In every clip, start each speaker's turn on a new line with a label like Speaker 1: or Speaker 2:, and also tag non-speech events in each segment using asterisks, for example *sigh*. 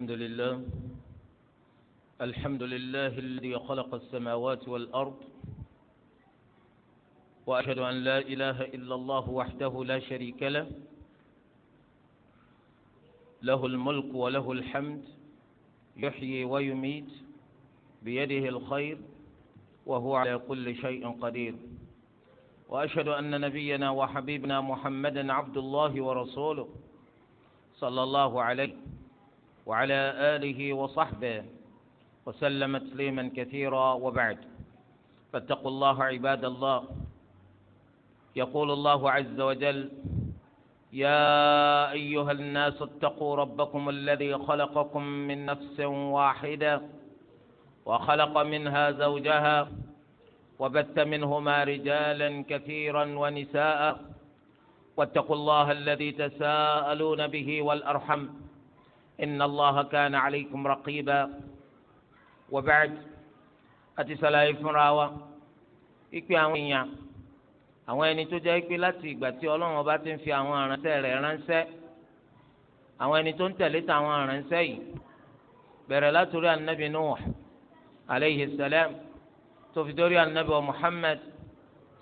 Speaker 1: الحمد لله الحمد لله الذي خلق السماوات والأرض وأشهد أن لا إله إلا الله وحده لا شريك له له الملك وله الحمد يحيي ويميت بيده الخير وهو على كل شيء قدير وأشهد أن نبينا وحبيبنا محمدا عبد الله ورسوله صلى الله عليه وسلم وعلى آله وصحبه وسلم تسليما كثيرا وبعد فاتقوا الله عباد الله يقول الله عز وجل يا أيها الناس اتقوا ربكم الذي خلقكم من نفس واحدة وخلق منها زوجها وبث منهما رجالا كثيرا ونساء واتقوا الله الذي تساءلون به والأرحم إن الله كان عليكم رقيبا وبعد àti ṣàlàyé fúnra wa ìpè àwọn èèyàn àwọn ẹni tó jẹ́ pé láti ìgbà tí Ọlọ́run ọba ti ń fi àwọn aránṣẹ́ rẹ̀ ránṣẹ́ àwọn ẹni tó ń tẹ̀lé tàwọn aránṣẹ́ yìí bẹ̀rẹ̀ látòrí anabi Nuh alayhi salam tó fi dórí Muhammad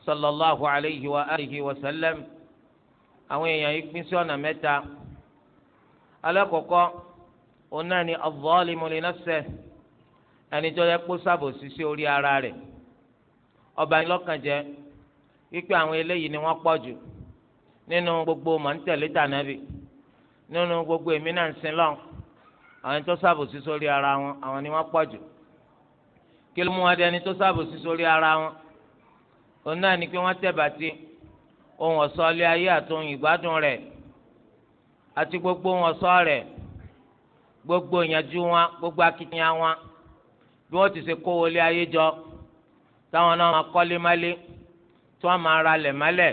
Speaker 1: sallallahu alayhi wa alihi wa sallam àwọn èèyàn yìí pín sí ọ̀nà alákọ̀ọ́kọ́ òun náà ni az-zalimu li nafsihi ẹni tó yẹ kó ṣàbòsí sí orí ara rẹ̀ ọba ní lọ́kàn jẹ́ wípé àwọn eléyìí ni wọ́n pọ̀ jù nínú gbogbo mọ̀ntẹ̀lẹ́ tànàbì nínú gbogbo èmi náà ń sin lọ́n àwọn tó ṣàbòsí ara wọn àwọn ni wọ́n pọ̀ jù kí ló mú wọn dẹni ara wọn òun náà ni pé bàtí ohun ọ̀sọ́ ayé àti ohun ìgbádùn àti gbogbo wọn sọ rẹ gbogbo ìyànjú wọn gbogbo akitiyan wọn bí wọn ti ṣe kó wọlé ayé jọ táwọn náà máa kọ́lé málé tí wọn máa ra lẹ̀ málẹ̀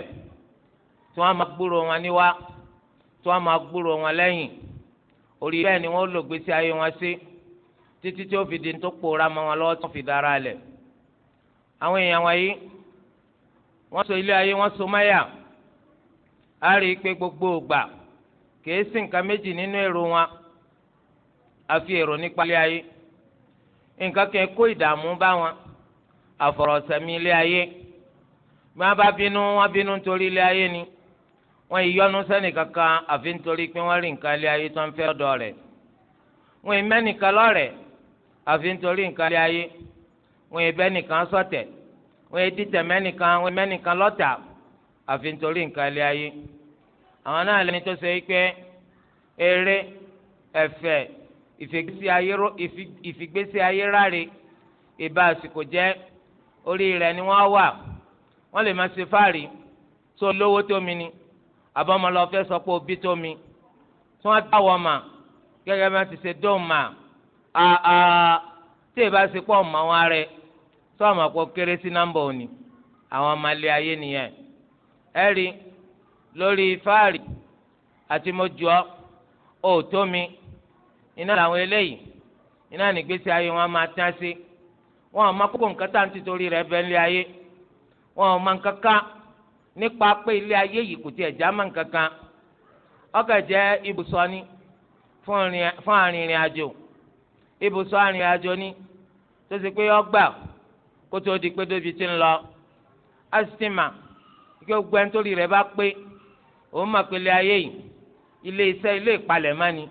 Speaker 1: tí wọn máa gbúrò wọn níwá tí wọn máa gbúrò wọn lẹ́yìn orí bẹ́ẹ̀ ni wọ́n lò gbèsè ayé wọn sí títí tí ó fi di tó pòórá mọ́ wọn lọ́wọ́ tó fi dára lẹ̀ àwọn èèyàn wọ̀nyí wọ́n so ilé ayé wọ́n so máyà á rí i pé gbogbo ògbà. kìí nǹkan méjì nínú èrò wọn àfi èrò nípa ilé ayé nǹkan kan kó ìdààmú bá wọn àfọ̀rọ̀sẹ̀mí ilé ayé bí bá bínú bínú ilé ni wọ́n ìyọnu sẹ́ni kankan àfi nítorí pé wọ́n rí nǹkan ilé ayé tó ń fẹ́ lọ́dọ̀ rẹ̀ wọ́n ìmẹ́nìkan lọ́rẹ̀ẹ́ àfi nítorí nǹkan ilé ayé wọ́n ìbẹ́nìkan ṣọ̀tẹ̀ wọ́n ìdítẹ̀ mẹ́nìkan ìmẹ́nìkan lọ́tà àfi àwọn náà lẹni tó ṣe pé eré ẹ̀fẹ̀ ìfigbésí ayé ráre ìbá àsìkò jẹ́ orí rẹ̀ ni wọ́n wà wọ́n lè máa ṣe fáàrí tó lówó tó mi ni àbọ̀mọ́ lọ fẹ́ sọ pé òbí tó mi tí wọ́n dá wọ́n mà gẹ́gẹ́ bí ti ṣe dóun mà tí ìbá ṣe pọ̀ mọ́ wọn rẹ̀ sọ́ọ̀mọ̀ kó kéré sí òní àwọn ọmọ ilé ayé nìyẹn ẹ̀rí lórí fáàrí àti mojú ọ ò tó mi iná làwọn eléyìí iná nígbésí ayé wọn máa tán sí wọn àmọ́ kókó nǹkan tá à ń tìtorí rẹ̀ bẹ́ẹ̀ lé ayé wọn ò nǹkan kan nípa pé ilé ayé yìí kò tiẹ̀ já mọ nǹkan kan ọkọ̀ jẹ́ ibùsọ̀ ni fún arìnrìn àjò ibùsọ̀ arìnrìn àjò ni tó ṣe pé ọgbà kó tó di pé débi ti ń lọ asitima kí gbogbo ẹni tó rí bá pé. òun máa pèlè ayé yìí ilé iṣẹ́ ilé ìpalẹ̀ má ni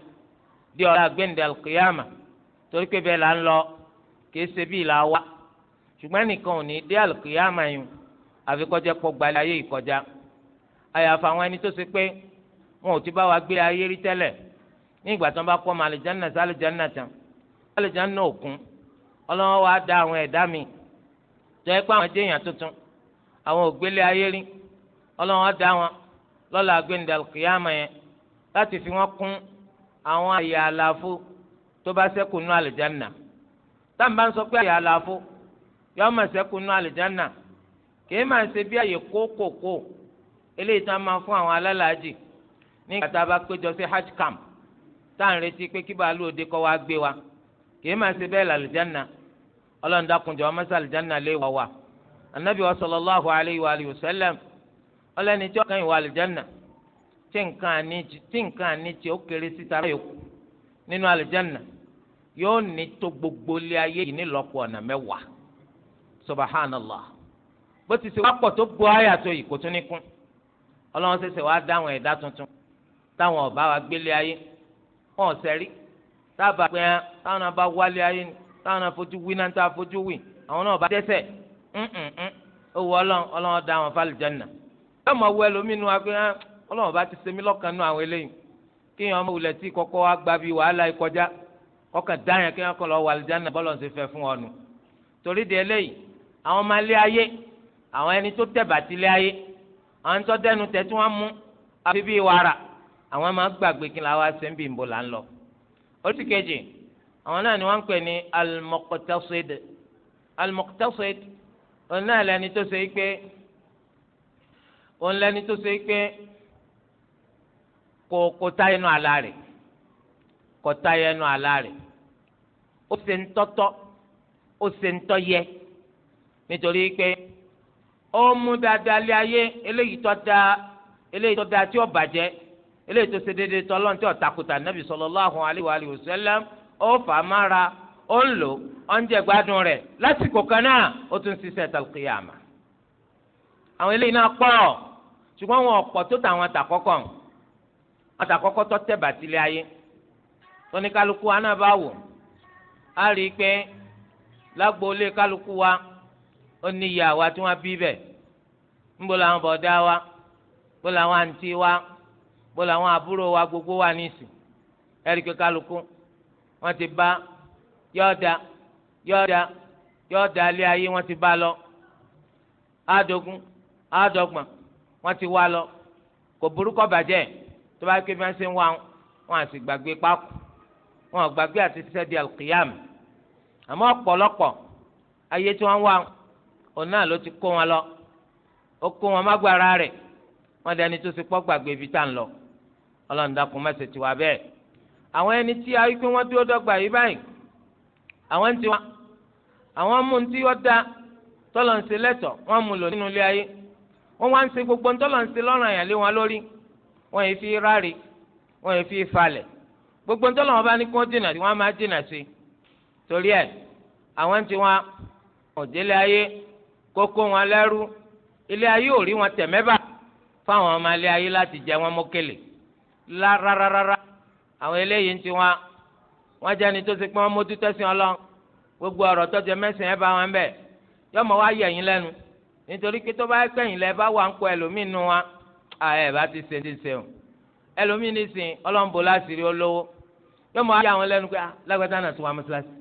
Speaker 1: di ọ̀la gbẹ̀ndẹ̀ alùkìyàmà torí pé bẹ́ẹ̀ là ń lọ kìí ṣe bí ìlà wa ṣùgbọ́n nìkan ò ní dé alùkìyàmà yìí àfi pọ̀ gbalẹ̀ ayé yìí kọjá àyàfà àwọn ẹni tó ṣe pé wọn ò ti bá wa gbé ayé rí tẹ́lẹ̀ ní tí wọ́n bá kọ́ ọmọ àlùjáná sí àlùjáná tán àlùjáná òkun ọlọ́wọ́ wa dá àwọn ẹ̀dá mi jẹ́ pé àwọn lọ́la gbẹ̀ndàlùkìyàmà yẹn láti fi wọ́n kún àwọn àyè àlàfo tó bá ṣẹ́kù nú àlìjánà táwọn bá ń sọ pé àyè àlàfo yọ ọmọ ṣẹ́kù nú àlìjánà kìí máa ṣe bí àyè kókòkò eléyìí tá a máa fún àwọn alálàájì nígbà tá a bá péjọ sí hajj camp tá à ń retí pé kí bàálù òde kọ́ wa gbé wa kìí máa ṣe bẹ́ẹ̀ làlìjánà ọlọ́run ọmọ sàlìjánà lé wà wà anabi wa sallallahu alayhi wa sallam ọlẹ́ni tí ọkàn ìwà àlùjáná tí nǹkan àní tí nǹkan àní tí ó kéré síta rẹ̀ kù nínú àlùjáná yóò ní tó gbogbo ilé ayé yìí nílọ́pọ̀ ọ̀nà mẹ́wàá subhanallah bó ti ṣe wá pọ̀ tó gbọ́ àyà tó yìí kò tún ní kún ọlọ́run ṣẹ̀ṣẹ̀ wá dáwọn ẹ̀dá tuntun táwọn ọba wa gbélé ayé wọn ò sẹ́rí tábà pé táwọn náà wálé ayé táwọn náà wí náà tá a wì àwọn náà bá dẹ́ṣẹ̀ ń ń ń owó ọlọ́run ọlọ́run dá wọn àmọ́ wọ ẹlòmínú wa pé ah, ọlọ́run bá ti ṣe mí lọ́kàn nú àwọn eléyìí kí yẹn ọmọ wulẹ̀ tí kọ́kọ́ wa gba bí wàhálà ìkọjá ọkàn dáhùn kí yẹn kọ́ lọ wà lìjánà bọ́lọ̀ ń ṣe fẹ́ fún ọ̀nù torí de eléyìí àwọn ọmọ ilé ayé àwọn ẹni tó tẹ̀bà ti ilé ayé àwọn tó dẹnu tẹ̀ tí wọ́n mú àfi bíi wàrà àwọn máa gbàgbé kí làwọn ṣe ń bì ń bò là ń lọ. oríṣi kejì àwọn náà ni al-muqtasid al-muqtasid òun náà lẹni òun lẹni tó ṣe pé kò kò tá inú àlá rẹ̀ kò tá inú àlá rẹ̀ ó ṣe ń tọ́tọ́ ó ṣe ń tọ́yẹ nítorí pé ó mú dáadáa lé ayé eléyìí tó dáa eléyìí tó dáa tí ó bàjẹ́ eléyìí tó ṣe déédéé tí ó takuta nàbì sallallahu alaihi wa alihi wasallam ó fà á mára ó ń lò ó ń jẹ gbádùn rẹ̀ lásìkò kan náà ó tún àwọn eléyìí náà pọ̀ ṣùgbọ́n wọn ọ̀pọ̀ tó tàwọn àtàkọ́kọ́ àtàkọ́kọ́ tó tẹ̀ bàtílé ayé tóníkálukú wa náà bá wò á rí i pé lágbóolé kálukú wa ó ní tí wọ́n bí bẹ̀ ńbó làwọn bọ̀dá wa làwọn àǹtí wa gbogbo wa pé kálukú wọ́n ti bá ilé ayé wọ́n ti àádọ́gbọ̀n wọ́n ti wá lọ kò burúkọ bàjẹ́ tó bá ké bí wọ́n ṣe ń wá wọn àti gbàgbé pákó wọn gbàgbé àti ṣiṣẹ́ di alqiyam àmọ́ ọ̀pọ̀lọpọ̀ ayé tí wọ́n wá òun náà ló ti kó wọn lọ ó kó wọn má gbára rẹ̀ wọ́n dẹni tó ti pọ́ gbàgbé ibi tá à ń lọ ọlọ́run dákun mẹ́sẹ̀ tiwa bẹ́ẹ̀ àwọn ẹni tí ayé pé wọ́n dúró dọ́gba yìí báyìí àwọn ń tiwa àwọn mú un tí wọ́n da tọ́lọ̀ ń ṣe lẹ́tọ̀ wọ́n mú lò nínú ilé ayé wọ́n wá ń ṣe gbogbo ńtọ́lọ̀ ń ṣe lọ́rùn àyàn lé wọn lórí wọ́n yìí fi ráre wọ́n yìí fi falẹ̀ gbogbo ńtọ́lọ̀ wọn bá ní kí wọ́n dènà sí wọ́n máa dènà sí torí ẹ̀ àwọn tí wọn òjèlé ayé kókó wọn lẹ́rú ilé ayé ò rí wọn tẹ̀mẹ́bà fáwọn ọmọ ilé ayé láti jẹ wọn mọ́kèlè rárára àwọn eléyìí tí wọn wọn jẹ́ ni tó ti pé wọn mójútó sí ọlọ́ gbogbo ọ̀rọ̀ tó jẹ mẹ́sìn ẹ̀ bá wọn bẹ̀ yọmọ wá yẹ̀yìn lẹ́nu nítorí pé tó bá kẹ́yìn lẹ bá wà ń kọ ẹlòmíín nu wa ẹ bá ti ṣe ti ṣe o ẹlòmíín ní sìn ọlọ́mùbó láṣìírí olówó yóò mọ ayé àwọn lẹ́nu pé ah, lágbàtà náà tún wà mọ́ṣáláṣí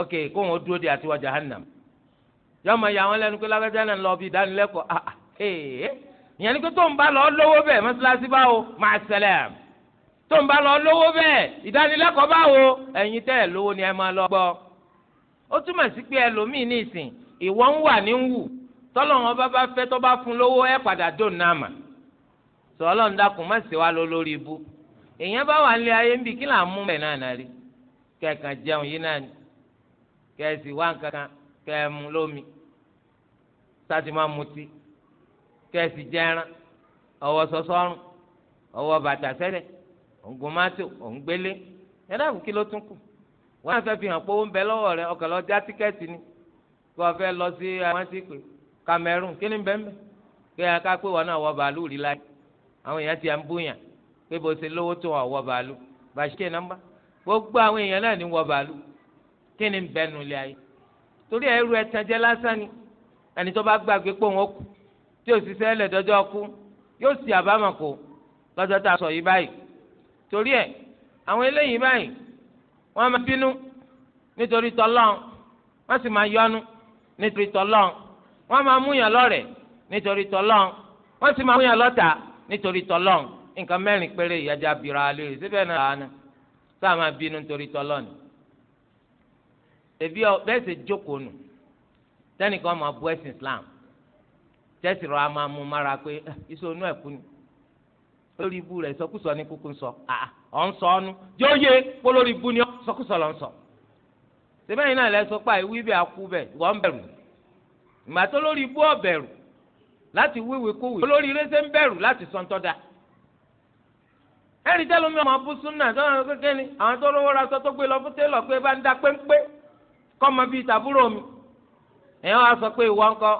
Speaker 1: ok kó wọn dúró de àtiwọ́ jahannam yóò mọ ayé àwọn lẹ́nu pé lágbàtà náà lọ bí ìdánilẹ́kọ̀ọ́ ah, ah ee ìyẹn ni pé tó ń bá lọ lówó bẹ́ẹ̀ mọ́ṣáláṣí báwo máa ṣẹlẹ̀ tó ń bá lọ lówó bẹ́ẹ̀ ìdánilẹ́kọ̀ọ́ báwo ni ẹ máa lọ tọ́lọ́wọ́n bá bá fẹ́ tó bá fún lówó ẹ̀ padà dùn náà mà sọ ọlọ́run dákun má ṣe wá lọ lórí ibú èèyàn bá wà nílé ayé ń bì kí là ń mú bẹ̀ náà nàrí kẹ̀kan jẹun yìí náà ni kẹ̀sì wá nǹkankan kẹ̀mú lómi sátì má mutí kẹ̀sì jẹran ọwọ́ sọsọ́rùn ọwọ́ bàtà sẹ́lẹ̀ ògùnmátò òǹgbélé ẹ dákun ló tún kù wọ́n á fẹ́ fi hàn pé ó ń bẹ lọ́wọ́ rẹ ọkàn lọ já tíkẹ́ẹ̀tì ni kí wọ́n fẹ́ lọ sí àwọn tí pè Cameroon kí ni bẹ́ẹ̀ kí ẹ ká pé wọn náà wọ bàálù rí láyé àwọn èèyàn ti à ń bóyàn pé bó ṣe lówó tó wọn wọ bàálù bàṣẹ nàmbá gbogbo àwọn èèyàn náà ní wọ bàálù kí ni bẹ́ẹ̀ nu ilé ayé torí ẹrù ẹtẹjẹ lásán ni ẹni tó bá gbàgbé pé òun ó kú tí ò sì sẹ́lẹ̀ dọ́jọ́ kú yóò sì àbámọ̀ kó lọ́jọ́ tá a sọ yìí báyìí torí ẹ̀ àwọn eléyìí báyìí wọ́n máa bínú nítorí tọ́lọ́n wọ́n sì máa yọnu nítorí tọ́lọ́n wọ́n máa mú yàn lọ́rẹ̀ nítorí tọ́lọ́n wọ́n sì máa mú yàn lọ́tà nítorí tọ́lọ́n nǹkan mẹ́rin péré ìyájà bìrọ̀ alẹ́ rẹ̀ síbẹ̀ náà àánú sáà bínú nítorí tọ́lọ́n èbí bẹ́ẹ̀ sì jókòó nù tẹ́nìkan máa bu ẹ̀sìn Islam tẹ́sí rọ a máa mú mára pé ah, iṣẹ́ onú ẹ̀kú ni lórí ibu rẹ̀ sọkúsọ ní kúkú sọ ah, ọ̀ ń sọ ọ́nú yóò yẹ kó lórí ibu ni sọkúsọ lọ́ ń sọ sẹ́bẹ̀yìn náà lẹ́sọ pa ìwí bẹ́ẹ̀ akú bẹ́ẹ̀ wọ́n bẹ̀rù ìgbà tó lórí ibú ọ̀bẹ̀rù láti wíwí kówì olórí iléeṣẹ́ ń bẹ̀rù láti sọ ntọ́da ẹ̀rí tẹ́lu mi ọmọ abú súnà tó wọn kékeré ni àwọn tó lówó ra sọ tó gbé lọ fún télọ̀ pé bá ń da péńpé kọ́ mọ bíi tàbúrò mi èèyàn wá sọ pé ìwọ ńkọ́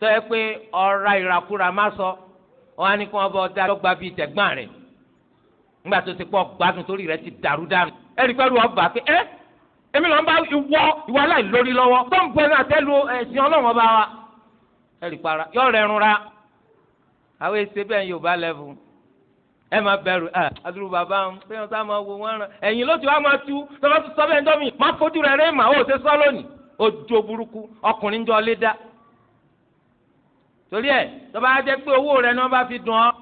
Speaker 1: tó yẹ pé ọ̀ra ìràkúra má sọ wọn á ní kí wọn bọ dá lọ́gba bíi tẹ̀gbọ́n rẹ̀ nígbà tó ti pọ̀ gbádùn torí rẹ̀ ti dàrú dànù ẹ̀rí pẹ́lú ọba pé ẹ́ èmi lọ́n bá ìwọ ìwọ aláìlórí lọ́wọ́ tó ń pẹ́ẹ́nù àtẹ́lu ẹ̀sìn eh, ọlọ́run ọba wa ẹ̀rì para yọ rẹrun ra àwọn èsè bẹ́ẹ̀ yóò bá lẹ́fun ẹ máa bẹ̀rù ẹ ah, adúlù bàbá ń pé wọn sá máa wo wọn rán ẹ̀yìn ló ti wá máa tú tọ́lá tó sọ bẹ́ẹ̀ ńjọ́ mi má fojú rẹ̀ rẹ́ mà ó ṣe sọ́ lónìí ojo burúkú ọkùnrin jọ lé dá torí ẹ tọ́ba á pé owó rẹ̀ ni wọ́n bá fi dùn ọ́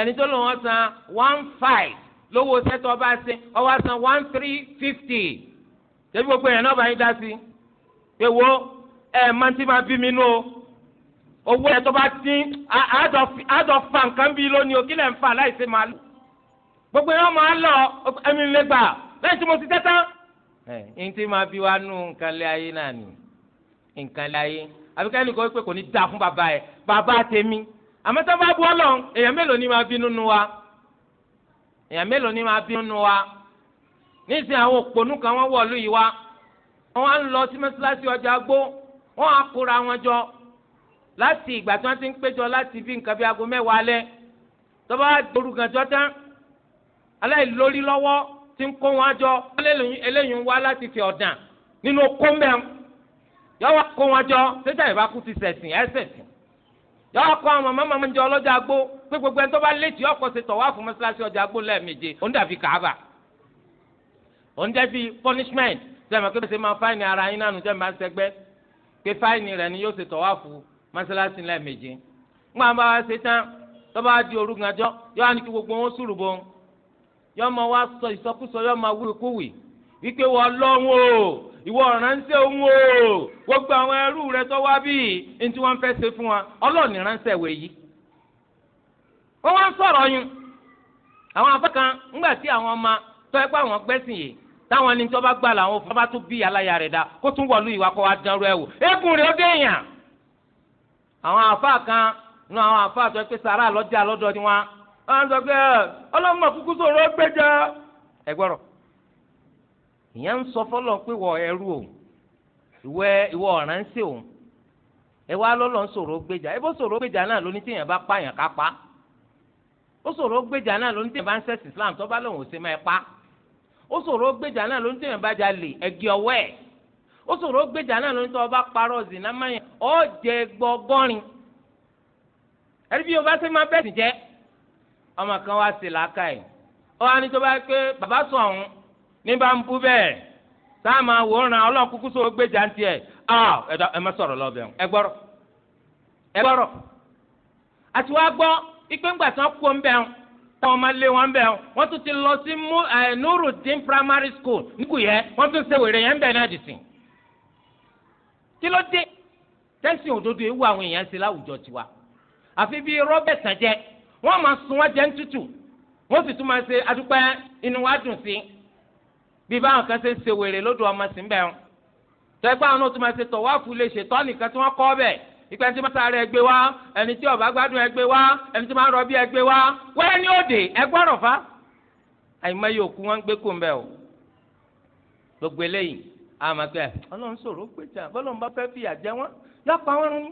Speaker 1: ẹni tó lò wọ́n san one five lówó sẹ́tọ̀ bá ṣe ọ wá san one three fifty ṣebí gbogbo yẹn náà bá yín dá sí pé wo ẹ máa ti máa bí mi nú o owó yẹn tó bá dín àádọ́ fa nǹkan bíi lónìí o kí lẹ̀ ń fa láìsí máa lọ gbogbo yẹn máa lọ ẹ̀mí lè gbà lẹ́yìn tí mo ti tẹ́tán. ẹ ẹ ti máa bí wa nú nǹkan lé ayé náà ni nǹkan lé ayé àbí káyọ̀ nìkan pé kò ní da fún bàbá yẹ bàbá tèmi àmọ́ tó bá bu ọlọ́run èèyàn mélòó ni máa bínú nu wa èèyàn mélòó ni máa bínú nu wa nísìnyí àwọn òpònú kan wọ́n wọ̀lú yìí wá wọ́n á lọ sí mọ́ṣáláṣí ọjà gbó wọ́n á kóra wọn jọ láti ìgbà tí wọ́n ti ń péjọ láti bí nǹkan bí aago mẹ́wàá alẹ́ tọ́ba dorúgànjọ́ tán aláìlórí lọ́wọ́ ti ń kó wọn jọ eléyìí ń wá láti fi ọ̀dàn nínú okó mẹ́rin yọ̀wọ́ kó wọn jọ séjà ìbákú ti sẹ̀sìn ẹ̀sẹ̀sìn yọ̀wọ́ kó àwọn màmá màmá jọ ọlọ́jà gbó pé gbogbo ẹni tó létí ọkọ̀ ṣe tọ̀ wá ọjà gbó lẹ́ẹ̀méje ó ń dàbí kàábà òun jẹ́ bíi punishment sẹ́mi pé ṣe máa fáìní ara yín náà nùjẹ́ máa ṣẹgbẹ́ pé fáìní rẹ̀ ni yóò ṣe tọ́wáfù mọ́ṣáláṣí lẹ́ẹ̀mejì ńgbà bá wa ṣe tán tó bá di òru gànjọ́ yóò ní kí gbogbo wọn sùrù bò ń yóò máa wá sọ ìsọkúsọ yóò máa wúwo kúwì wípé wọ́n lọ́wọ́ ìwọ ránṣẹ́ òun o gbogbo àwọn ẹrú rẹ tó wá bíi ní tí wọ́n fẹ́ ṣe fún wa ọlọ́ọ̀ni ránṣẹ́ wẹ̀ yìí wọ́n wá ń sọ̀rọ̀ yun àwọn abẹ́kan ńgbà tí àwọn ọmọ tọ́ ẹ pé àwọn gbẹ́sìn yìí táwọn ẹni tó bá gbà làwọn fún bá tún bí aláya rẹ̀ dá kó tún wọ̀lú ìwà kó ẹwụ dánrú ẹ̀ wò eégún rẹ̀ ó déèyàn. àwọn àáfàá kan nu àwọn àáfàá tó pé sàrà lọ́jà lọ́dọ̀ ni wọn sọ pé kúkú ẹ fọlọ pé wọ ẹrú o ìwọ o ẹ wá ń ẹ bó náà lóní tí èèyàn pa ó náà lóní ó ṣòro gbèjà náà ló ń tẹ̀yàn bá jalè ẹ̀gì ọwọ́ ẹ̀ ó gbèjà náà ló ń ọba parọ́ zina mayan ó jẹ gbọgọ́rin ẹ̀rí bí ọba ṣe máa bẹ́ẹ̀ sì jẹ́ ọmọ kan wá sí làákà ẹ̀ ó wá tó bá pé bàbá sọ ọ̀hún ní bá ń bú bẹ́ẹ̀ sáà máa ọlọ́run kúkú gbèjà ń tiẹ̀ ẹ má sọ̀rọ̀ ẹ ẹ gbọ́rọ̀ táwọn máa lé wọn bẹ́ẹ̀ wọ́n tún ti lọ sí Nurudeen primary school níkùyẹ́ wọ́n tún ṣe wèrè yẹn bẹ́ẹ̀ náà dì sìn. kí ló dé tẹ́sí òdodo ewu àwọn èèyàn ṣe láwùjọ tiwa àfi bíi Robert jẹ wọ́n máa sun wọ́n jẹ́ ń tútù wọ́n sì tún máa ṣe adúpẹ́ inú wa dùn sí bí báwọn kan ṣe ń ṣe wèrè lódò ọmọ sí bẹ́ẹ̀ tẹ́gbà wọn náà tún máa ṣe tọ̀wáfù lè ṣètọ́ nìkan tí wọ́n kọ́ bẹ́ẹ̀ ìpẹ́ tí mọ́tà rẹ̀ gbé wá ẹni tí ọ̀bá gbádùn ẹ gbé wá ẹni tí máa ń rọbí ẹ gbé wá wẹ́ẹ́ ní òde ẹ gbọ́rọ̀ fa àyìnbá yóò kú wọn gbé kó ń bẹ o gbogbo eléyìí a máa pẹ́ ọlọ́run sọ̀rọ̀ pé jà bọ́lọ́run bá fẹ́ fìyà jẹ wọ́n yọ̀pọ̀ àwọn ọ̀run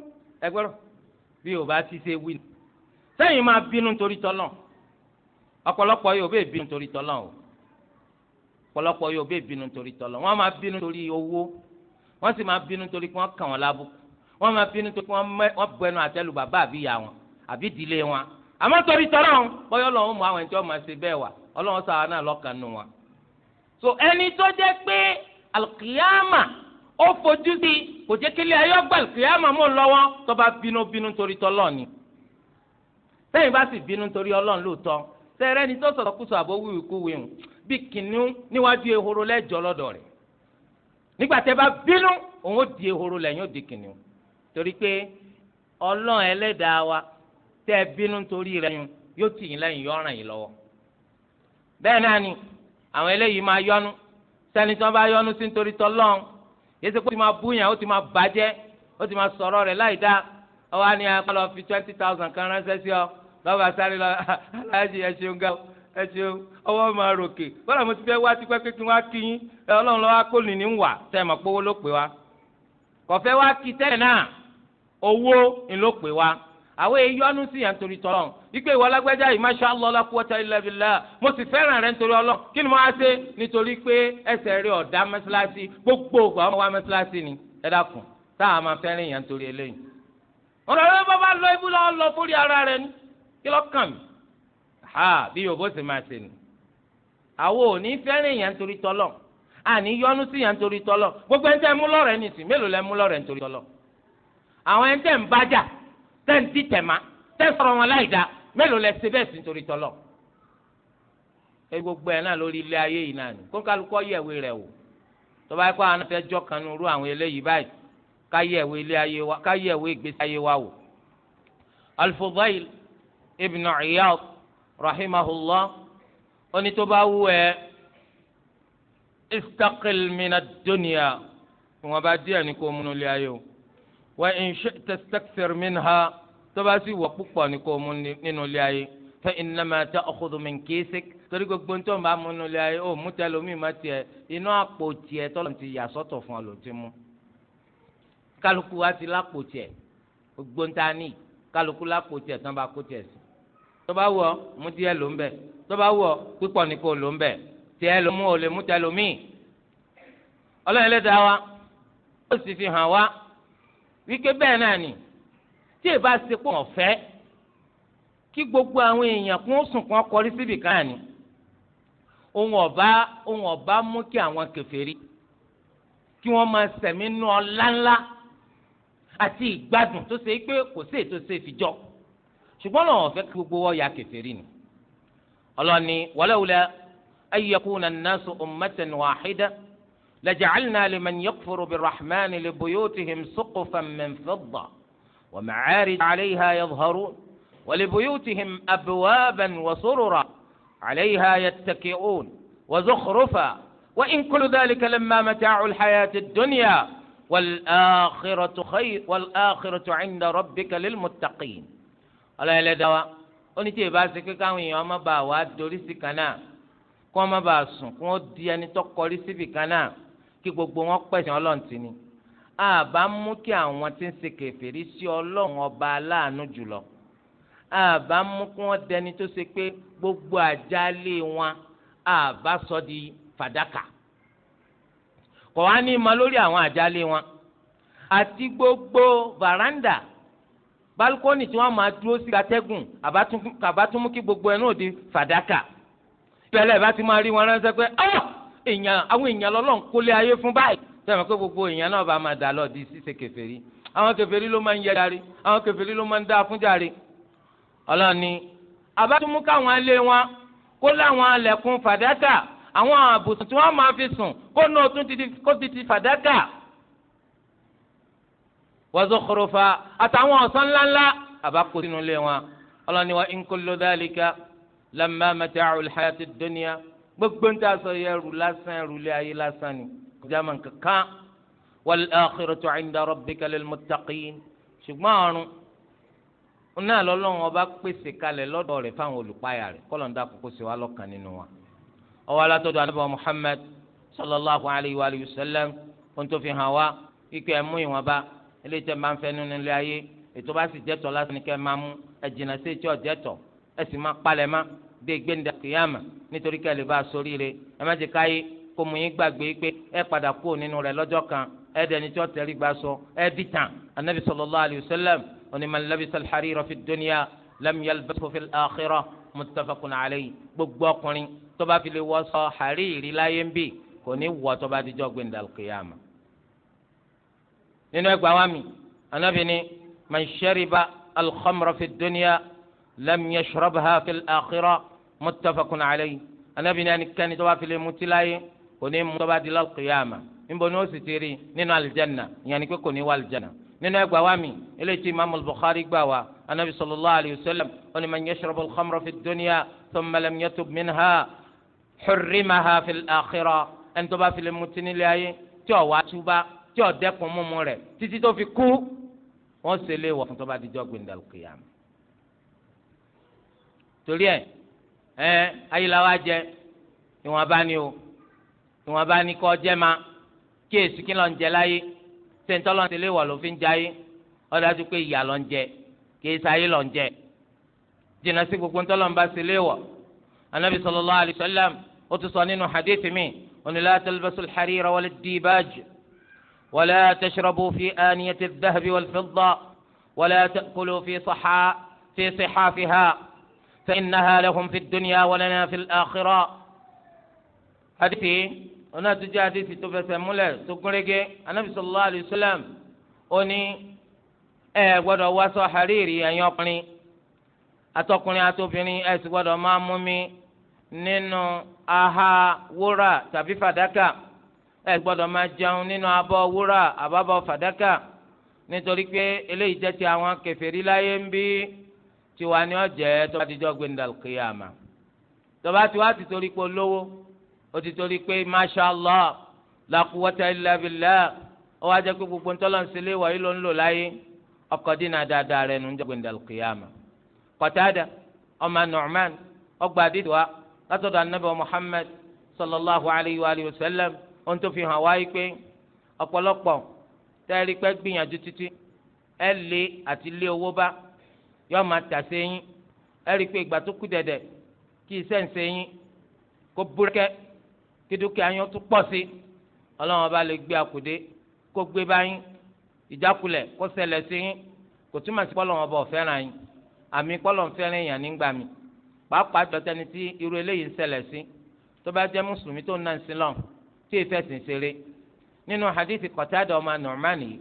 Speaker 1: ẹ gbọ́rọ̀ bí o bá ti ṣe wí ni sẹ́yìn máa bínú torí tọ́lọ̀ ọ̀pọ̀lọpọ̀ yóò bẹ́ẹ̀ bínú torí tọ́lọ̀ o ọ̀pọ̀lọpọ̀ yóò bẹ́ẹ̀ bínú torí tọ́lọ̀ wọ́n máa bínú torí owó wọ́n sì máa bínú torí pé wọ́n kàn wọ́n lábùkù wọ́n máa bínú tó wọ́n bọ ẹnu àtẹ́lu bàbá àbí ìyá wọn àbí ìdílé wọn àmọ́ torí tọ́lọ́ wọn bọ́yọ́ lọ́wọ́ mú àwọn ẹni máa ṣe bẹ́ẹ̀ wà ọlọ́wọ́ sàwọn náà lọ́kàn nù wọn. so ẹni tó jẹ́ pé alkiyama ó fojú sí kò jẹ́ kílẹ̀ ayọ́ gba alkiyama mọ́ lọ́wọ́ tó bá bínú bínú torí tọ́lọ́ ni sẹ́yìn bá sì bínú torí ọlọ́run lóòótọ́ sẹ́rẹ́ ni tó sọ̀rọ̀ kùsọ̀ àbó wíwì kú wíwù bí kìnnìún níwájú ehoro lẹ́jọ́ kìnnìún torí pé ọlọ́run ẹlẹ́dàá wa tẹ́ bínú torí rẹ̀ yun yóò tì yín lẹ́yìn yóò yín lọ́wọ́ bẹ́ẹ̀ náà ni àwọn eléyìí máa yọnu sẹ́ni tí wọ́n bá yọnu sí nítorí tọ́lọ́run yéésì pé ó ti máa búyàn ó ti máa bàjẹ́ ó ti máa sọ̀rọ̀ rẹ̀ láì twenty thousand kan ránṣẹ́ ọ lọ́ba sáré lọ ah, aláàjì ga ọwọ́ máa ròkè ti fẹ́ wá tipẹ́ pé kí wọ́n á kí yín ọlọ́run lọ́wọ́ á kó nìní owó ńlọpẹ wa àwọn èyí ọ̀nù sí yàn torí tọ́lọ̀ ìpè ìwọ lágbájá yìí masha Allah la quwwata illa billah mo sì fẹ́ràn rẹ nítorí ọlọ́ kí ni mo á ṣe nítorí pé ẹsẹ̀ rẹ ọ̀dá mẹ́sàlásì gbogbo ògbà ọmọ wa mẹ́sàlásì ni ẹ dákun táà máa fẹ́ràn yàn torí eléyìí. ọ̀rọ̀ rẹ bá bá lọ ibú lọ lọ fórí ara rẹ ni kí lọ kàn mí ha bí yòówó sì máa ṣe ni. àwọn ò ní fẹ́ràn yàn torí tọ́lọ̀ àní yọ́nù sí yàn torí tọ́lọ̀ gbogbo ẹni tẹ́ mú lọ́rẹ̀ẹ́ nìsín àwọn ẹni tẹ́ ń bájà tẹ́ ń títẹ̀ má tẹ́ sọ̀rọ̀ wọn láì dá mélòó lẹ ṣe bẹ́ẹ̀ sí nítorí tọ́lọ̀ ẹ gbogbo ẹ náà lórí ilé ayé yìí náà ni kó kálukọ́ yẹ̀wé rẹ̀ wò tó bá yẹ kó àwọn afẹ́ jọ́ kan nuru àwọn eléyìí báyìí ká yẹ̀wé ilé ayé wa ká yẹ̀wé ìgbésí ayé wa wò. Al-Fudayl ibn Iyad rahimahullah oní tó bá wù ẹ́ istaqil mina dunya ìwọ̀nba díẹ̀ ni kò múnú ilé ayé o wa in shi'ta istakthir minha tó bá sì wọ̀ púpọ̀ ní kò mú nínú ilé ayé fa innama ta'khudhu min kisik torí gbogbo nítorí bá mú nínú ilé ayé ó mú tẹ́lẹ̀ omi má tiẹ̀ inú àpò tiẹ̀ tọ́lọ̀ ti yà sọ́tọ̀ fún ọ ló ti mú kálukú wa ti lápò tiẹ̀ gbogbo níta ní kálukú lápò tiẹ̀ tán bá kó tiẹ̀ sí tó bá mú tiẹ̀ ló ń bẹ̀ tó bá wọ̀ púpọ̀ kò ló ń bẹ̀ tiẹ̀ ló mú ò lè mú tẹ́lẹ̀ omi ọlọ́run wa ó sì fi hàn wá wíkẹ́ bẹ́ẹ̀ náà ni tí èèbá ṣe pọ̀ ọ̀fẹ́ kí gbogbo àwọn èèyàn kún sùn kún ọkọrí síbi kan ni ohun ọba ohun ọba mú kí àwọn kèfèrí kí wọ́n máa sẹ̀mí nú ọlá ńlá àti ìgbádùn tó ṣe pé kò sí ètò ṣe fìjọ ṣùgbọ́n náà ọ̀fẹ́ kí gbogbo wọ́n ya kèfèrí ni ọlọ́ni wàlẹ́wùlẹ́ ayyakuna an-nasu ummatan wahida. لجعلنا لمن يكفر بالرحمن لبيوتهم سقفا من فضة ومعارج عليها يظهرون ولبيوتهم أبوابا وسررا عليها يتكئون وزخرفا وإن كل ذلك لما متاع الحياة الدنيا والآخرة خير والآخرة عند ربك للمتقين ألا إلى دواء oni tí ìbá ṣe kíkọ́ àwọn èèyàn ọmọ bá wa dorí sí kan náà kó ọmọ bá sùn kó di ẹni tó kọrí síbi kan náà kí gbogbo wọn pẹ̀sìn ọlọ́run tì ní àbá mú kí àwọn tí ń ṣe kèfèrí sí ọlọ́run ọba aláàánú jùlọ àbá mú kí wọ́n dẹni tó ṣe pé gbogbo àjálẹ̀ wọn àbá sọ di fàdákà kò wá ní ìmọ̀ lórí àwọn àjálẹ̀ wọn àti gbogbo varanda balkoni tí wọ́n máa dúró sí atẹ́gùn àbátúmú kí gbogbo ẹ̀ náà di fàdákà bẹ́ẹ̀ lẹ́ẹ̀ bá ti máa rí wọn ránṣẹ́ pé ọ́ èèyàn àwọn èèyàn lọ́lọ́run kólé ayé fún báyìí sẹ́wọ̀n pé gbogbo èèyàn náà bá máa dà lọ di ṣíṣe kèfèrí àwọn kèfèrí ló máa ń yẹ jàre àwọn kèfèrí ló máa ń dá fún jàre ọlọ́ni àbátúmú káwọn alé wọn kó láwọn alẹ̀kùn fàdákà àwọn àbùsùn tí wọ́n máa fi sùn kó náà tún ti kó ti ti fàdákà wàzọkọrọfà àtàwọn ọ̀sán ńláńlá àbákò sínú ilé wọn ọlọ́ni wa in kullu dhalika lamma mata'ul hayatid dunya gbogbo ń tà sọ yẹ ẹrù lásán ẹrù lé ayé lásán ni kọjá máa ń kankan wal akhiratu 'inda rabbika lil muttaqin ṣùgbọ́n ọ̀run náà lọ́lọ́run ọba pèsè kalẹ̀ lọ́dọ̀ rẹ̀ fáwọn olùpáyà rẹ̀ kọ́lọ̀ ń dá kókó sí wa lọ́kàn nínú wa. ọwọ́ alátọ́dọ̀ anábọ̀ Muhammad sallallahu alayhi wa sallam ohun tó fi hàn wá ikọ̀ ẹ̀mú ìwọ̀nba ilé tẹ́ máa ń fẹ́ nínú ilé ayé ètò bá sì jẹ́tọ̀ lásán ni kẹ́ máa mú ẹ̀jìnà sí ìtọ́ jẹ́tọ̀ ẹ̀ sì máa palẹ̀ máa dé gbẹ̀ndà kìyàmà nítorí kí ẹ lè bá a sórí rẹ ẹ má ti káyé kó mu yín gbàgbé pé ẹ padà kú nínú rẹ lọ́jọ́ kan ẹ dẹni tí wọ́n tẹ̀lé gbà sọ ẹ dì tàn anabi sallallahu alayhi wa sallam onímọ̀ labisa al-harira fi dunya lam yalbasu fi al-akhirah muttafaqun alayhi gbogbo ọkùnrin tó bá fi lè wọ ń bì kò ní wọ tó bá dijọ́ kìyàmà nínú ẹgbàá wa mi anabi ni man shariba al dunya lam yashrabha fi al-akhirah muttafaqun alayhi anabi ní ẹnikẹ́ni tó bá fi lè mutí láyé kò ní mu tó bá di lọ́kìyàmà níbo ni ó sì ti rí nínú alìjẹ́nà ìyẹn ni pé kò ní wà alìjẹ́nà nínú ẹgbàá wa mi eléyìí tí imaamu bukhari gbà wá anabi sallallahu alayhi wa sallam ó ní man yashrabu al-khamra fi dunya thumma lam yatub minha
Speaker 2: hurrimaha
Speaker 1: fi al-akhirah ẹni tó bá fi lè mutí nílé ayé tí ò wá túbá tí ò tó fi kú wọ́n ṣe lé wọ̀ fún di jọ́ gbẹ̀ndàlùkìyàmà torí ẹ̀ ẹ ayélujára jẹ ìwọn bá ní o ìwọn bá ní kɔ jɛ ma kí esu kí lọ ń jẹ láyé sèǹtọ́ lọ́n ti lé wọ̀ ló fi ń jayé ọ̀dájú pé ìyà lọ́n jẹ kí èsì ayé lọ́n jẹ jìnnà sí gbogbo ńtọ́ ń bá sí lé anabi sallallahu alayhi wa sallam ó ti sɔ nínú hadith mi oní la talbasul harira wal dibaj wala tashrabu fi aniyati dhahabi wal fidda wala ta'kulu fi saxa fi fi ha. فإنها لهم في الدنيا ولنا في الآخرة حديثي هنا تجي حديثي تفسر مولى تقولك النبي صلى الله عليه وسلم أني ẹ gbọ́dọ̀ wá sọ hariri ẹ̀yin ọkùnrin atọkùnrin atobìnrin ẹ sì gbọ́dọ̀ máa mú mi nínú aha wúrà tàbí fàdákà ẹ gbọ́dọ̀ máa jẹun nínú abọ́ wúrà àbábọ̀ fàdákà nítorí pé eléyìí jẹ́ ti àwọn kèfèrí láyé ń bí tiwa ni ọjẹ tó bá ti jọ gbẹndà kéyàmà tó bá tiwa ti torí pé olówó ó ti torí pé mashallah la quwwata illa billah ó wá jẹ́ pé gbogbo ntọ́lọ́nsílẹ̀ wàyí ló ń lò láyé ọkọ̀ dínà dáadáa rẹ̀ nù jọ gbẹndà kéyàmà Qatada ọmọ Nu'man ọgbà àdìdì wa látọ̀dọ̀ anabi Muhammad sallallahu alayhi wa sallam ohun tó fi hàn wáyé pé ọ̀pọ̀lọpọ̀ tẹ́ẹ̀rí yọ máa tà sẹ́yìn ẹ̀rí pé ìgbà tó kú dẹ̀dẹ̀ kí iṣẹ́ ń sẹ́yìn kó búrẹ́kẹ́ kí dúkìá yẹn tún pọ̀ sí ọlọ́run ọba lè gbé akùdé kó gbé báyìí ìjákulẹ̀ kó ṣẹlẹ̀ sẹ́yìn kò túmọ̀ sí pọ́lọ́run ọba ọ̀fẹ́ràn yín àmì pọ́lọ́run fẹ́ràn èèyàn nígbà mi pàápàá dọ̀tẹ́ni tí irú eléyìí ń ṣẹlẹ̀ sí tó bá jẹ́ mùsùlùmí tó ń ná sí lọ́n tí èèfẹ́ sì ń ṣeré nínú hadithi Qatada ọmọ Nu'mani yìí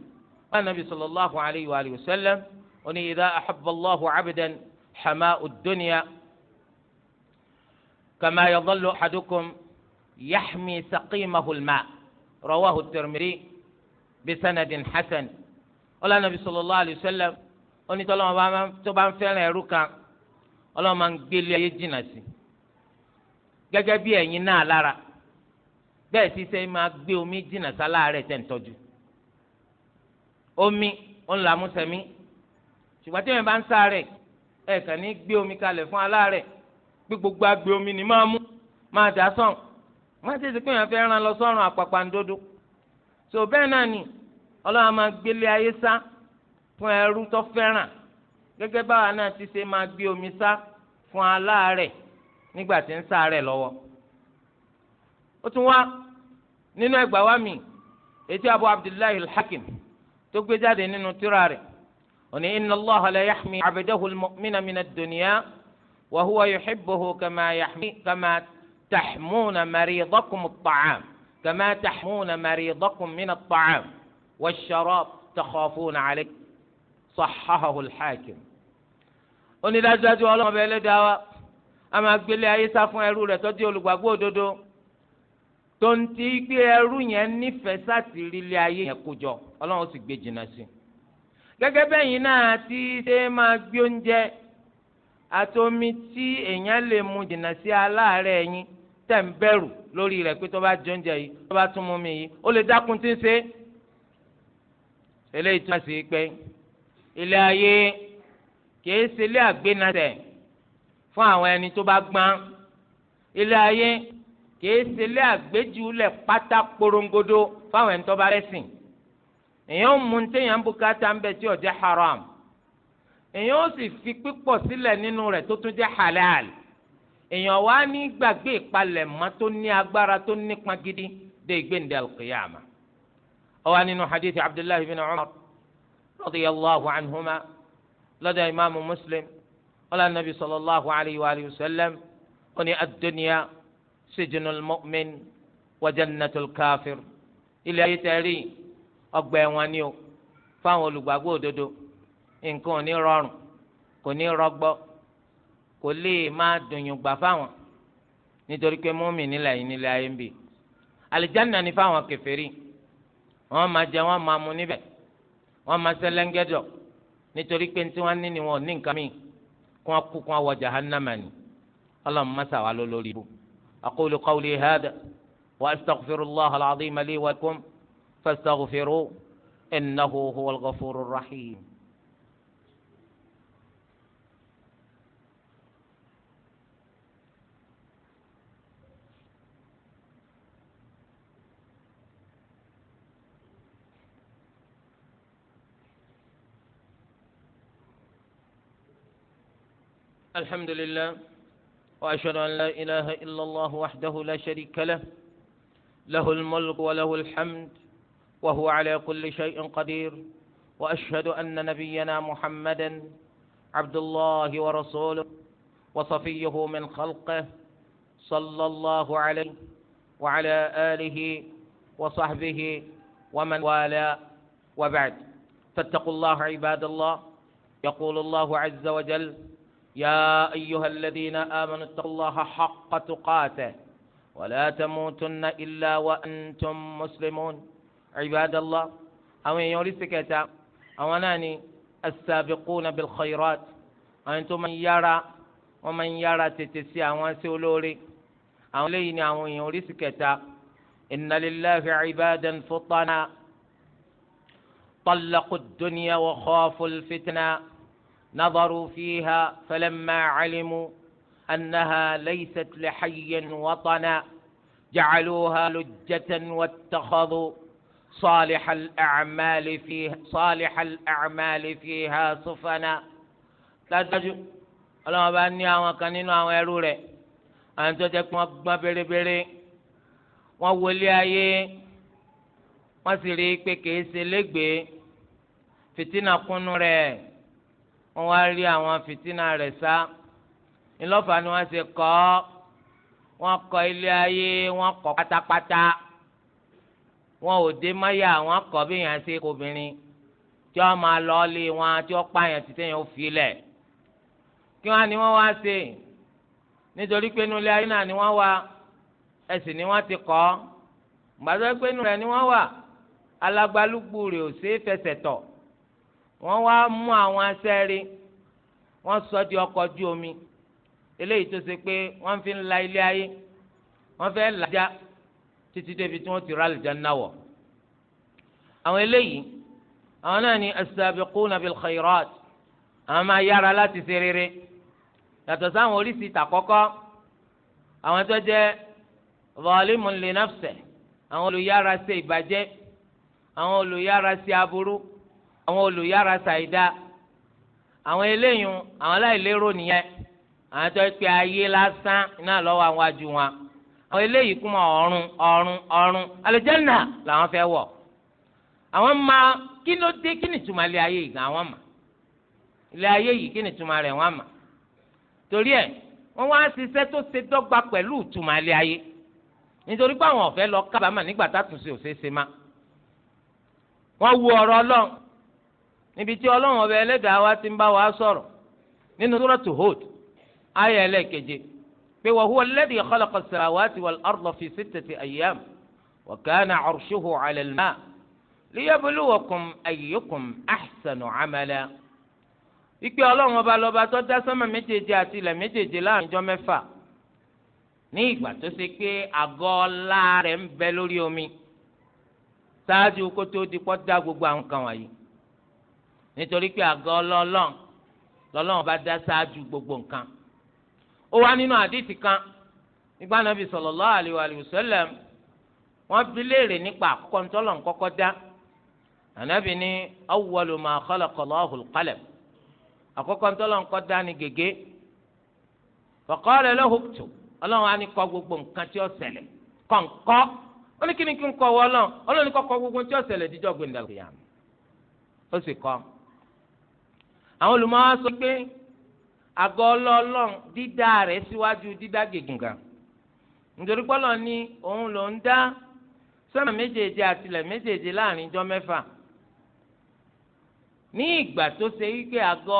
Speaker 1: wọn ànábì sallallahu alayhi wa sallam oní idha ahabba Allahu abdan hama'u ad-dunya kama yadhallu ahadukum yahmi saqimahu al-ma' rawahu at-Tirmidhi bisanadin hasan ọlọ́run nabi sallallahu alayhi wa sallam onítọ́lọ́mọ tó bá ń fẹ́ràn ẹrú kan ọlọ́run máa ń gbélé ayé jìnnà sí gẹ́gẹ́ bí ẹ̀yin náà lára bẹ́ẹ̀ sì ṣe máa gbé omi jìnnà sáláàárẹ̀ tẹ̀ ń tọ́jú omi ó ń la mú ṣùgbọ́n tí èèyàn bá ń sáré ẹ kàn ní gbé omi kalẹ̀ fún aláàrẹ̀ pé gbogbo agbè omi ni máa mú máa dà sàn máa tètè pé èèyàn fẹ́ ràn lọ sọ́run àpàpàǹdodo tó bẹ́ẹ̀ náà ni ọlọ́run máa gbélé ayé sá fún ẹrú tó fẹ́ràn gẹ́gẹ́ báwa náà ti ṣe máa gbé omi sá fún aláàrẹ̀ nígbà tí ń sáré lọ́wọ́ ó tún wá nínú ẹgbàá wa mi ètò Abu Abdullahi al-Hakim tó gbé jáde nínú tírà rẹ̀ oni inna allah la yaxmi abdahu almu'mina min adunya wa huwa yuxibuhu kama yaxmi kama taxmuuna mariidakum alطacaam kama taxmuuna mariidakum min alطacaam walsharaab takhaafuuna calay صححه الحاكم oni dájúdájú ọlọ́run ọba ẹlẹ́dàá wa a máa gbélé ayé sá fún ẹrú rẹ̀ tọ́jú olùgbàgbọ́ òdodo tó ń ti gbé ẹrú yẹn nífẹ̀ẹ́ sátìrí ilé ayé yẹn kó jọ ọlọ́run sì gbé jìnnà sí i gẹ́gẹ́ bẹ́yìn náà tí ṣe máa gbé oúnjẹ àti omi tí èèyàn lè mu jìnnà sí aláàárẹ̀ yín tẹ̀ ń bẹ̀rù lórí rẹ̀ pé tó bá jẹ oúnjẹ yìí tó bá tún mú mi yìí ó lè dákun tí ń ṣe. eléyìí tó bá sì pé ilé ayé kìí ṣe ilé àgbénasẹ̀ fún àwọn ẹni tó bá gbọ́n ilé ayé kìí ṣe ilé àgbéjúlẹ̀ pátá porongodo fáwọn ẹni tó bá rẹ̀ sìn èèyàn mú téèyàn bùkátà ń bẹ tí ò jẹ́ haram èèyàn ó sì fi pípọ̀ sílẹ̀ nínú rẹ̀ tó tún jẹ́ halal èèyàn wá ní gbàgbé ìpalẹ̀ mọ́ tó ní agbára tó nípa gidi dé ìgbéǹde alqiyama ọwọ́ nínú hadith abdullahi bin umar radiyallahu anhuma lọ́dọ̀ imaamu muslim ọlá nabi sallallahu alayhi wa sallam ó ní ad-dunya mu'min wa jannatul kafir ilé ayé tẹ̀rí ọgbà ẹ̀wọ̀n ni o fáwọn olùgbàgbọ́ òdodo nǹkan ò ní rọrùn kò ní rọgbọ kò lè máa dùnyùn gbà fáwọn nítorí pé mọ́mì nílẹ̀ yìí nílẹ̀ ayé ń bì àlìjáná ni fáwọn kèfèrí wọ́n máa jẹ wọ́n máa mu níbẹ̀ wọ́n máa sẹ́lẹ̀ńgẹ́dọ̀ nítorí pé tí wọ́n ní ni wọn ní nǹkan mìíràn kí wọ́n kú kí wọ́n wọ jahannama ni ọlọ́run má sàwá lólórí ibú aqulu qawli hada wa astaghfirullaha al-azima wa lakum. فاستغفروا إنه هو الغفور الرحيم الحمد لله وأشهد أن لا إله إلا الله وحده لا شريك له له الملك وله الحمد وهو على كل شيء قدير واشهد ان نبينا محمدا عبد الله ورسوله وصفيه من خلقه صلى الله عليه وعلى اله وصحبه ومن والاه وبعد فاتقوا الله عباد الله يقول الله عز وجل يا ايها الذين امنوا اتقوا الله حق تقاته ولا تموتن الا وانتم مسلمون ibadallah àwọn èèyàn oríṣi kẹta àwọn náà ni as-sabiquna bil khairat àwọn tó máa ń yára wọ́n máa ń yára tètè sí àwọn ẹsẹ olóore àwọn eléyìí ni àwọn èèyàn oríṣi kẹta inna lillahi ibadan futana طلقوا الدنيا وخافوا الفتنة نظروا فيها فلما علموا أنها ليست لحي وطنا جعلوها لجة واتخذوا صالح الأعمال فيها صالح الأعمال فيها سفنا dájú ọlọ́wọ́n bá ní àwọn kan nínú àwọn ẹrú rẹ̀ àwọn tó jẹ́ pé wọ́n gbọ́n bérebére wọ́n wọlé ayé wọ́n sì rí i pé kìí ṣe légbèé fìtínà kúnnú rẹ̀ wọ́n wá rí àwọn fìtínà rẹ̀ sá ńlọ́fà ni wọ́n ṣe kọ́ wọ́n kọ́ ilé ayé wọ́n kọ́ pátápátá. Pata wọn ò dé máyà àwọn akọ bí yàn ṣe kóbìnrin tí wọn máa lọ lé wọn tí wọn pààyàn títẹ yẹn ó fi lẹ kí wọn ni wọn wá ṣe nítorí pé nulẹ ayé náà ni wọn wá ẹsìn ni wọn ti kọ gbàdúrà pé nulẹ ni wọn wà alágbálùgbù rè ò ṣe é fẹsẹ̀ tọ̀ wọ́n wá mú àwọn asẹ́rí wọ́n sọ di ọkọ̀ ojú omi eléyìí tó ṣe pé wọ́n fi ń la ilé ayé wọ́n fẹ́ làjà títí débi tí wọ́n ti rà àlùjánnà wọ̀. àwọn eléyìí àwọn náà ni as-sabiquna bil khairat àwọn máa yára láti ṣe rere yàtọ̀ sáwọn oríṣi ìtàkọ́kọ́ àwọn tó jẹ́ zalimun li àwọn olùyára ṣe ìbàjẹ́ àwọn olùyára ṣe aburú àwọn olùyára ṣàìdá àwọn eléyìí àwọn aláìlérò nìyẹn àwọn tó pe ayé lásán iná lọ́wọ́ àwọn ajú wọn eléyìí kú mọ ọ̀run ọ̀run ọ̀run àlùjánnà làwọn fẹ́ àwọn ma kí ló dé kí ni ilé ayé yìí gan àwọn ma ilé ayé yìí kí ni tuma rẹ̀ wọn ma? torí ẹ̀ wọn wá ṣiṣẹ́ tó ṣe dọ́gba pẹ̀lú túmọ̀ ilé ayé nítorí pé àwọn lọ kábàámà nígbà ò ṣe wu ọlọrun. níbi tí ọlọrun wa ti ń wa sọrọ, nínú ayé pé wa huwa alladhi khalaqa as-samawati wal-arda fi sittati ayyam wa kana 'arshuhu 'ala al-ma' liyabluwakum ayyukum ahsanu 'amala ìpè ọlọ́run ọba lọ́ba tó dá sánmà méjèèje àti ilẹ̀ méjèèje láàrin ọjọ́ mẹ́fà ní ìgbà tó ṣe pé àgọ́ ọlá rẹ̀ ń bẹ lórí omi ṣáájú kó tó di pọ́ dá gbogbo àwọn kan wọ̀nyí nítorí pé àgọ́ ọlọ́ọ̀lọ́n lọ́lọ́run bá dá ṣáájú gbogbo nǹkan ó wá nínú àdìsí kan nígbà nàbì wa sallam wọ́n bi léèrè nípa àkọ́kọ́ ntọ́lọ̀ nkọ́kọ́ dá ànábì ní awwalu ma khalaqa Allahu al ntọ́lọ̀ nkọ́ dá ni gègé fa qala ọlọ́run á ní gbogbo nǹkan tí ó ṣẹlẹ̀ ó ní kí n ọlọ́run kọ́ àgọ́ ọlọ́ọ̀lọ́n dídá rẹ̀ síwájú dídá gègùngà nítorí pọ́lọ́ ní òun ló ń dá sọ́nà méjèèjì àtìlẹ̀ méjèèjì láàrin ijọ́ mẹ́fà ní ìgbà tó ṣe wípé àgọ́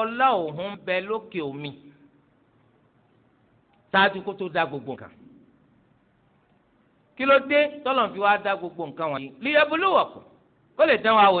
Speaker 1: ọlọ́ọ̀hún bẹ lókè omi ṣáájú kó tó dá gbogbo nǹkan kí ló dé tọ́lọ̀ gbogbo nǹkan wọ̀nyí kó lè dán wa wò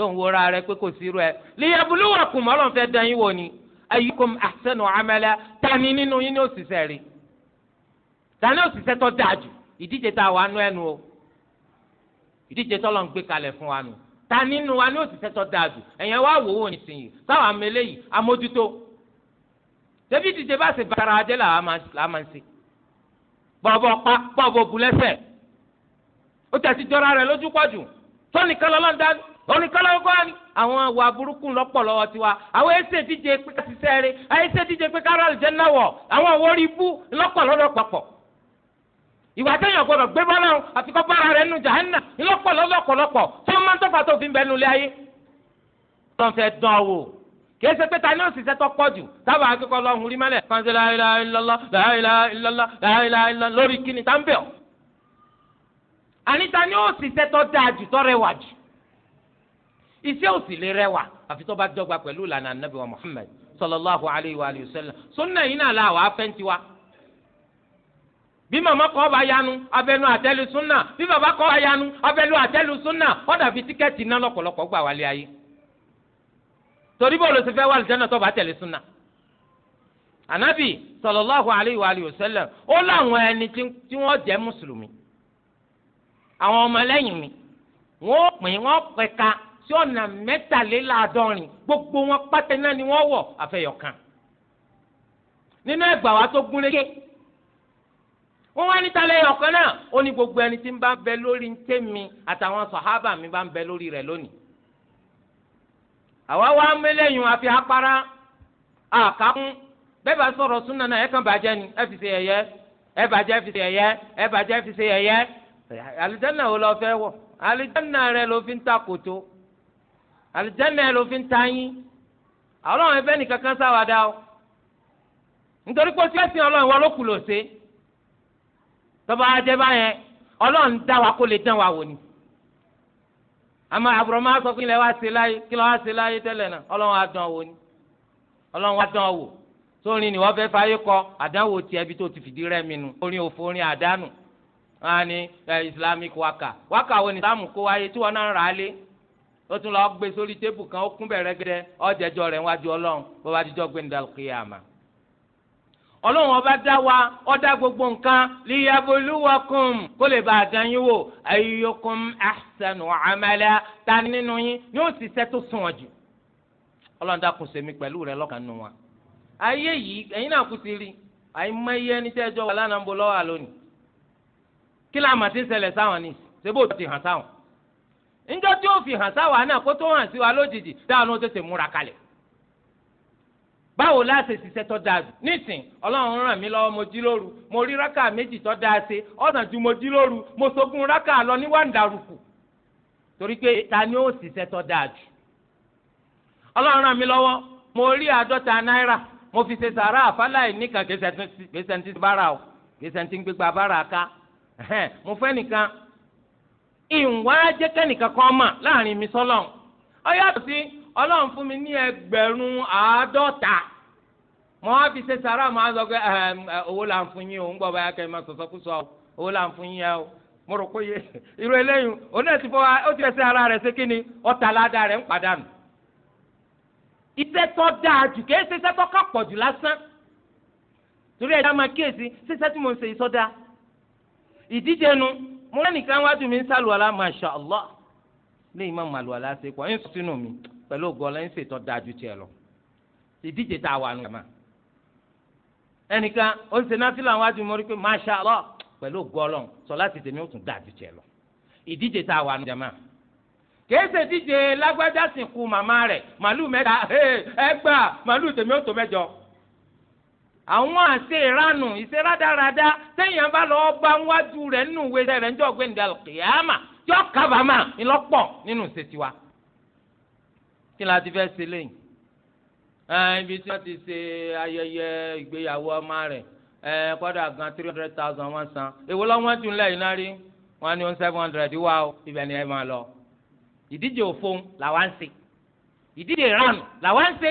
Speaker 1: tó ń wúra rẹ pé kò sí ẹ liyabuluwakum Ọlọ́run fẹ́ dán yín wò ni ayyukum ahsanu amala tani nínú yín ní òṣìṣẹ́ rí tani òṣìṣẹ́ tó dáa jù ìdíje tá a wà nú ẹnu o ìdíje tó lọ́n gbé kalẹ̀ fún wa nù ta wa ní òṣìṣẹ́ tó dáa jù ẹ̀yẹn wá wò ó nísìnyí amẹ́lẹ́ yìí amójútó débi ìdíje bá ṣe bára adé là á máa ń ṣe pa lẹ́sẹ̀ ó tẹ̀sí jọra lójú pọ̀jù oníkọ́lọ́gọ́ ni àwọn àwà burúkú lọ́pọ̀ lọ́wọ́ tiwa àwọn ẹsẹ̀ díje pé ká ṣiṣẹ́ rẹ ẹsẹ̀ díje pé ká rálẹ̀ jẹ́ náwọ̀ àwọn àwọn orí ibú lọ́pọ̀ lọ́dọ̀ papọ̀ ìwà téèyàn gbọdọ̀ gbé bọ́lá àti kọ́ bára rẹ̀ nù jahanna lọ́pọ̀ lọ́lọ́pọ̀lọpọ̀ tí wọ́n máa ń tọ́fà tó fi ń bẹnu lé ayé. ọlọ́run fẹ́ dán ọ wò kìí ṣe pé ta ni òṣìṣẹ́ tó pọ̀ jù táwọn akẹ́kọ̀ọ́ lọ́hùn rí mọ́lẹ̀ kánṣẹ́ la iṣẹ́ ò sì lè rẹwà àfi tó bá dọ́gba pẹ̀lú ìlànà anabi wa muhammed sallallahu alayhi wa sallam sunna yìí náà làwọn afẹ́ǹtì wa bí màmá kọ́ bá yanu abẹnú àtẹ́lu sunna bí bàbá kọ́ bá yanu abẹnú àtẹ́lu sunna ó dà tíkẹ́ẹ̀tì iná lọ́pọ̀lọpọ̀ gbà wálé ayé torí bó ló ti fẹ́ wà lùjẹ́nà tó bá tẹ̀lé sunna anabi sallallahu alayhi wa sallam ó láwọn ẹni tí wọ́n jẹ́ mùsùlùmí àwọn ọmọlẹ́yìn mi wọ́n wọ́n sí ọ̀nà mẹ́tàléláàádọ́rin gbogbo wọn pátẹ náà ni wọ́n wọ̀ àfẹyọ̀kan nínú ẹgbàá wa tó gúnrégé wọ́n wá níta lẹ́yìn ọ̀kan náà ó ní gbogbo ẹni tí ń bá ń bẹ lórí ń tẹ̀mí àtàwọn sọ̀hábà mi bá ń bẹ lórí rẹ̀ lónìí àwa wá mẹ́lẹ́yìn àfi apara àkàkún bẹ́ẹ̀ bá sọ̀rọ̀ súnà náà ẹ kàn bàjẹ́ ni ẹ fi ṣe ẹ̀yẹ ẹ bàjẹ́ ẹ fi ṣe ẹ̀yẹ ẹ bàjẹ́ ẹ fi ṣe ẹ̀yẹ àlùjáná wo lọ fẹ́ wọ̀ àlùjáná rẹ ló fi ń ta kòtó àlùjánnà ẹ ló fi ń ta yín ọlọ́run ẹbẹ́ nìkan kan sáwàdà o nítorí pé sílẹ̀ sìn wọn ló kù lò ṣe tọ́ba ajẹ́ báyẹn ọlọ́run dá wa kó lè dán wa wò ni àmọ́ àbúrò máa sọ pé ilẹ̀ wa ṣe láyé kí lọ́ wa ṣe láyé tẹ́lẹ̀ náà ọlọ́run á dán wò ni ọlọ́run wa dán wò sórin ni wọ́n fẹ́ fàyè kọ àdánwò tiẹ̀ bí tó ti fìdí rẹ̀ mi nu orin òfò orin àdánù wọn á islamic waka waka wo ni sáàmù kó wáyé tí wọn náà rà á lé ó tún lọ gbé sórí tébù kan ó kún bẹ̀rẹ̀ gẹ́gẹ́ ọ̀jẹ̀jọ́ rẹ̀ wájú ọlọ́run bó bá dijọ́ gbé nídàá kíyàmà. ọlọ́run ọba dá wa ó dá gbogbo nǹkan liyabuluwakum kó lè bá a dán yín wò ayyukum ahsanu amala ta nínú yín yóò sì ṣẹ́ tó sùn wọ́n jù. ọlọ́run dákun sèmi pẹ̀lú rẹ lọ́kàn nù wọn. ayé yìí ẹ̀yin náà kú ti rí àìmọye ẹni njọ tí o fi hàn sáwà náà kó tó hàn sí wa lójijì dáhùn ó tètè múra kalẹ̀ báwo láti ṣe ṣiṣẹ́ tó dáa jù nísìn ọlọ́run ràn mí lọ́wọ́ mo jí lóru mo rí rákà méjì tó dáa ṣe ọ̀nà ju mo jí lóru mo sogun rákà lọ ní torí pé ta ni ó ṣiṣẹ́ tó dáa jù ọlọ́run ràn mí lọ́wọ́ mo rí àádọ́ta náírà mo fi ṣe sàrà àfáláì nìkan kìí ṣe ti bára o kìí ṣe ti gbégbá bára ká mo fẹ́ nìkan ìwà jẹ́kẹ́nìkan kan mà láàrin mi sọ́lọ́n ọ yàtọ̀ sí ọlọ́run fún mi ní ẹgbẹ̀rún àádọ́ta mo wá fi ṣe sàrà mo á sọ pé owó là ń fún yín o ń gbọ́ báyà kẹ́ máa sọ̀sọ́ kú sọ owó là ń fún yín o mo rò pé *laughs* irú eléyìí náà ti ó ti ara rẹ̀ ṣe kí ni rẹ̀ ń padànù. iṣẹ́ tó dáa jù ṣe iṣẹ́ torí máa kíyèsí ṣíṣẹ́ tí mo ń ṣe ìsọdá ìdíje nu mo rẹ́ nìkan wájú mi ń sàlùwàlá masha allah léyìn má màlùwàlá ṣe pọ̀ ń sínú mi pẹ̀lú ògọ́lá ń ṣètò dájú tiẹ̀ lọ ìdíje tá a wà nù kàmá ẹnìkan ó ń ṣe náfìlà wájú mo rí pé masha allah pẹ̀lú ògọ́lọ́ sọ láti tèmi ó tún dájú tiẹ̀ lọ ìdíje tá a wà nù kàmá kèése díje lágbájá sìnkú màmá rẹ̀ màlúù mẹ́ta *laughs* ẹgbàá màlúù tèmi ó tó mẹ́jọ àwọn àṣe ìranù ìṣe rádaràda sẹ́yìn bá lọ́ọ́ bá wájú rẹ̀ nínú ìwé rẹ̀ ń jọ ọ̀gbẹ́ni dàlù kìyàmà tí ó kábàámà ńlọ́pọ̀ nínú ìṣètì wa. kí la ti fẹ́ ṣe lẹ́yìn. ibi tí wọ́n ti ṣe ayẹyẹ ìgbéyàwó ọmọ rẹ̀ kọ́dà gan three hundred thousand wọ́n san èwo lọ́wọ́n tún lẹ́yìn náà rí wọ́n ní seven hundred wá o ibẹ̀ ni ẹ máa lọ. ìdíje òfo làwọn ń ṣe ìdíje ìranù làwọn ṣe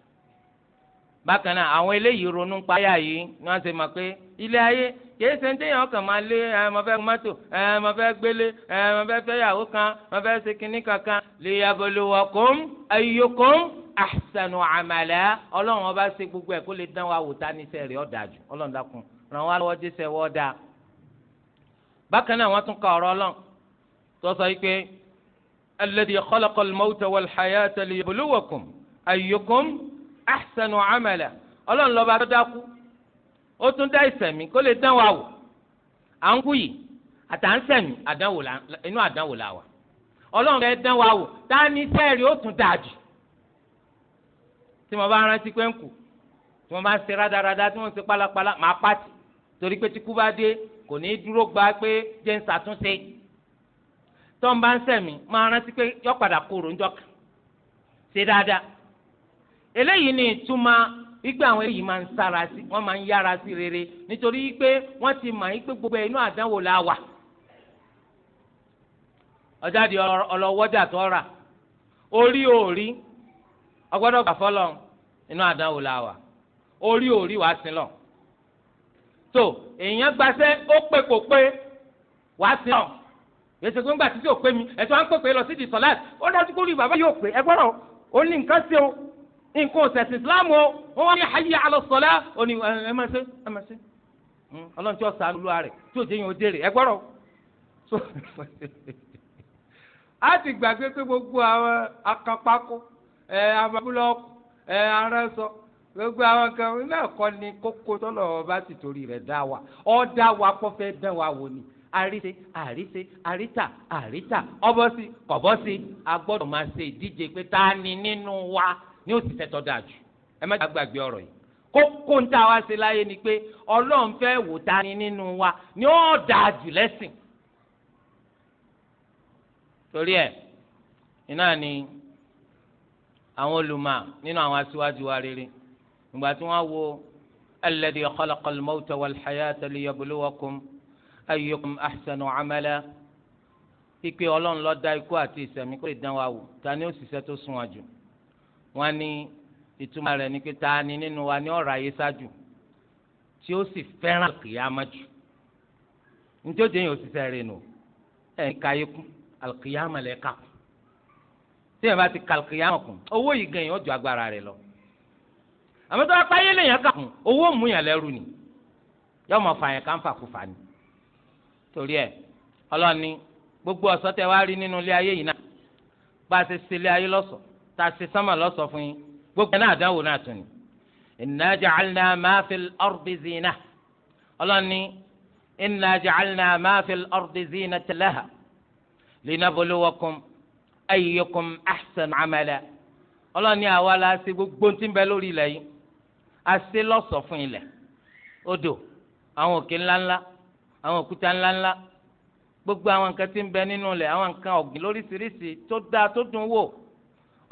Speaker 1: bákan náà àwọn eléyìí ronú ń payà yìí ni wọ́n ṣe mọ̀ pé ilé ayé kìí ṣe ń téèyàn ọkàn máa lé ẹ mo fẹ́ mọ́tò ẹ mo fẹ́ gbélé ẹ mo fẹ́ fẹ́yàwó kan mo fẹ́ ṣe kinní kankan liyabluwakum ayyukum ahsanu amala ọlọ́run ọba ṣe gbogbo ẹ̀ kó lè dán wa wò tá ní sẹ́ẹ̀rì ọ̀dà jù dákun ràn wá lọ́wọ́ jẹ́sẹ̀ wọ́ dáa. bákan náà wọ́n tún ka ọ̀rọ̀ ọlọ́run tó sọ yìí pé alladhi khalaqal mawta ahsanu amala ọlọ́run lọ́ba tó dákú ó tún dá ìsẹ̀mí kó lè dán wa wò à ń kú yìí àtàǹsẹ̀mí inú àdánwò la wà ọlọ́run fẹ́ dán wa wò tá a ní sẹ́ẹ̀rì ó tún dáa jù tí mo bá rántí pé ń kù tí mo bá ń ṣe rádaràda tí mo ń ṣe pálapàla màá pàtì torí pé tí kú bá dé kò ní í dúró gba pé jẹ́ ń ṣàtúnṣe tó ń bá ń sẹ̀mí máa rántí pé yọ padà kúrò ń jọ kàn ṣe dáadáa eléyìí ni ìtumọ̀ wípé àwọn eléyìí máa ń sára sí wọ́n máa ń yára sí rere nítorí wípé wọ́n ti mọ̀ wípé gbogbo inú àdánwò la wà ọjà di ọlọ́wọ́jà tó rà orí òrí ọgbọ́dọ̀ gbà fọlọ́ inú àdánwò la wà orí òrí wàá sin lọ tó èèyàn gbaṣẹ́ ó pé kò pé wàá sin lọ èsì pé títí ò pé mi ẹ̀tọ́ à ń pè pé lọ sí di sọ́láàtì ó dájú kó rí bàbá yóò pé ẹgbọ́rọ̀ ó ní nǹkan ṣe o nǹkan ọ̀sẹ̀sìn islam o wọ́n wá ní hayya ala salah ó ní ẹ máa ṣe ẹ máa ṣe hmm, ọlọ́run tí ó sàánú lóra rẹ̀ tí ó jẹ́ yẹn ó dèrè ẹ gbọ́rọ̀ *laughs* a ti gbàgbé pé gbogbo àwọn akapako ẹ abúlọ́ọ̀kù ẹ aránṣọ gbogbo àwọn kan náà kọ́ ni kókó tọ́lọ̀ ọba ti torí rẹ̀ dá wa ọ́ dá wa kó fẹ́ dán wa wò ni àríṣe àríṣe àríta àríta ọbọ̀ sí kọ̀bọ̀ sí a gbọ́dọ̀ máa ṣe ìdíje pé ta ni nínú wa ni ó ti tẹ́tọ́ dáa jù ẹ má gbàgbé ọ̀rọ̀ yìí kókó ń tà wá sí láyé ni pé ọlọ́run fẹ́ wò ta ni nínú wa ni ó dáa jù lẹ́sìn torí ẹ iná ni àwọn olùmọ̀ nínú àwọn aṣíwájú wa rere ìgbà tí wọ́n wo alladhi khalaqa al-mawta wal-hayata liyabluwakum ayyukum ahsanu amala pípé ọlọ́run ló dá ikú àti ìṣẹ̀mí kó lè dán wa wò ta ni ó ṣiṣẹ́ tó sunwọ̀n jù wọ́n ní ìtumọ̀ rẹ̀ ní pé ta ni nínú wa ní ọ̀rọ̀ ayé ṣáájú tí ó sì fẹ́ràn kìyàmá jù nítorí òjò yẹn ò sì sẹ́rẹ̀ nù ẹ̀ ń káyé kú alùkìyàmá lẹ̀ ká kú tí yẹn bá ti ka alùkìyàmá kù owó yìí gan yẹn ó ju agbára rẹ̀ lọ àmọ́ tó bá pa ayé lèyàn kù owó mú yẹn lẹ́rù ni yọọ mọ̀ fà ká ń fà kú fà ni torí ẹ ọlọ́ni gbogbo ọ̀sọ́ tẹ wá rí nínú ilé ayé yìí náà bá a ṣe ṣe ilé ayé lọ́sọ̀ọ́ tá a ṣe sánmà lọ́sọ̀ fún yín gbogbo náà àdánwò náà tún ni. inna ja'alna ma fil ardi zina ọlọ́ni inna ja'alna ma fil ardi zinatan laha linabluwakum ayyukum ahsanu amala ọlọ́ni àwa la ṣe gbogbo tí ń bẹ lórí ilẹ̀ yìí a ṣe lọ́sọ̀ fún ilẹ̀ odò àwọn òkè ńláńlá àwọn òkúta ńláńlá gbogbo àwọn nǹkan tí ń nínú ilẹ̀ àwọn nǹkan ọ̀gbìn lóríṣiríṣi tó dáa tó dùn wò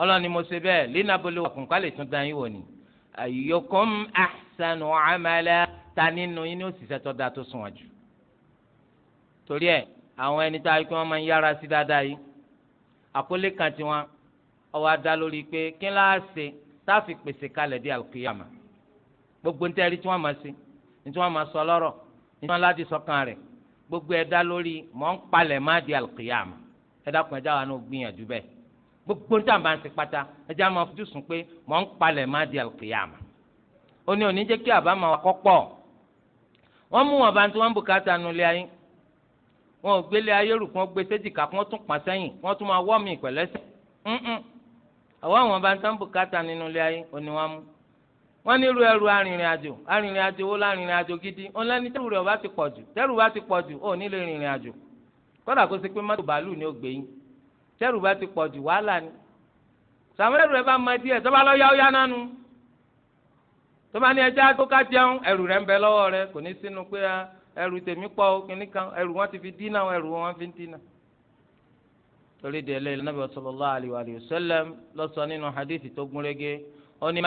Speaker 1: ọlọ́ni mo ṣe bẹ́ẹ̀ lina bolo wà kùnkà lè tún dán wò ni. ayyukum ahsanu amala ta nínú yín ni ó sì sẹ́tọ́ da tó sùn wájú. torí ẹ àwọn ẹni tá a kí wọ́n máa ń yára sí dáadáa yìí àkọlé kan tiwọn ọwọ́ adá lórí pé kí n láà ṣe tá pèsè kalẹ̀ di àlùkìyàmà gbogbo ń tẹ́rí tí wọ́n máa ṣe ní tí wọ́n máa sọ lọ́rọ̀ ní tí wọ́n láti sọ́kàn rẹ̀ gbogbo ẹ̀dá lórí mọ̀ ń palẹ̀ má di àlùkìyàmà ẹ̀dá kan ẹ̀dá wa náà gbìyànjú bẹ́ẹ̀ gbogbo ń tàn bá ń ṣe pátá ẹjẹ àwọn afojú sùn pé mọ̀ ń palẹ̀ má di àlùkìyàmà ó ní òní jẹ́ kí àbámọ̀ wa kọ́ pọ̀ wọ́n mú wọn bá ń tí wọ́n ń bùkátà nulẹ̀ ayé wọn ò gbélé ayé rù kún gbé séjìká kún tún pa sẹ́yìn wọ́n tún máa wọ́ mi pẹ̀lẹ́sẹ̀ ńǹ àwọn àwọn bá ń tán bùkátà nínú ilé ayé òní wọn mú wọn nílò ẹrù arìnrìn àjò arìnrìn àjò wo lárìnrìn àjò gidi wọn lẹni tẹrù rẹ ọba ti pọ̀ jù tẹrù bá ti pọ̀ jù ò ní lè àjò kódà kó ṣe pé mọ́tò bàálù ni ó gbé yín tẹ́rù bá ti pọ̀ jù wàhálà ni sàmúlẹ̀ rẹ̀ bá mọ díẹ̀ tó bá lọ yáwó yáná nu tó bá ní ẹja tó ká jẹun ẹrù rẹ̀ ń bẹ lọ́wọ́ rẹ̀ kò ní sínú pé ah, ẹrù tèmi pọ̀ kínní kan ẹrù wọn ti fi dínà ẹrù wọn fi ń dínà. torí de ẹlẹ́yìn nàbẹ̀ sallallahu alayhi wa sallam lọ́sọ̀ nínú hadithi tó gún régé ó ní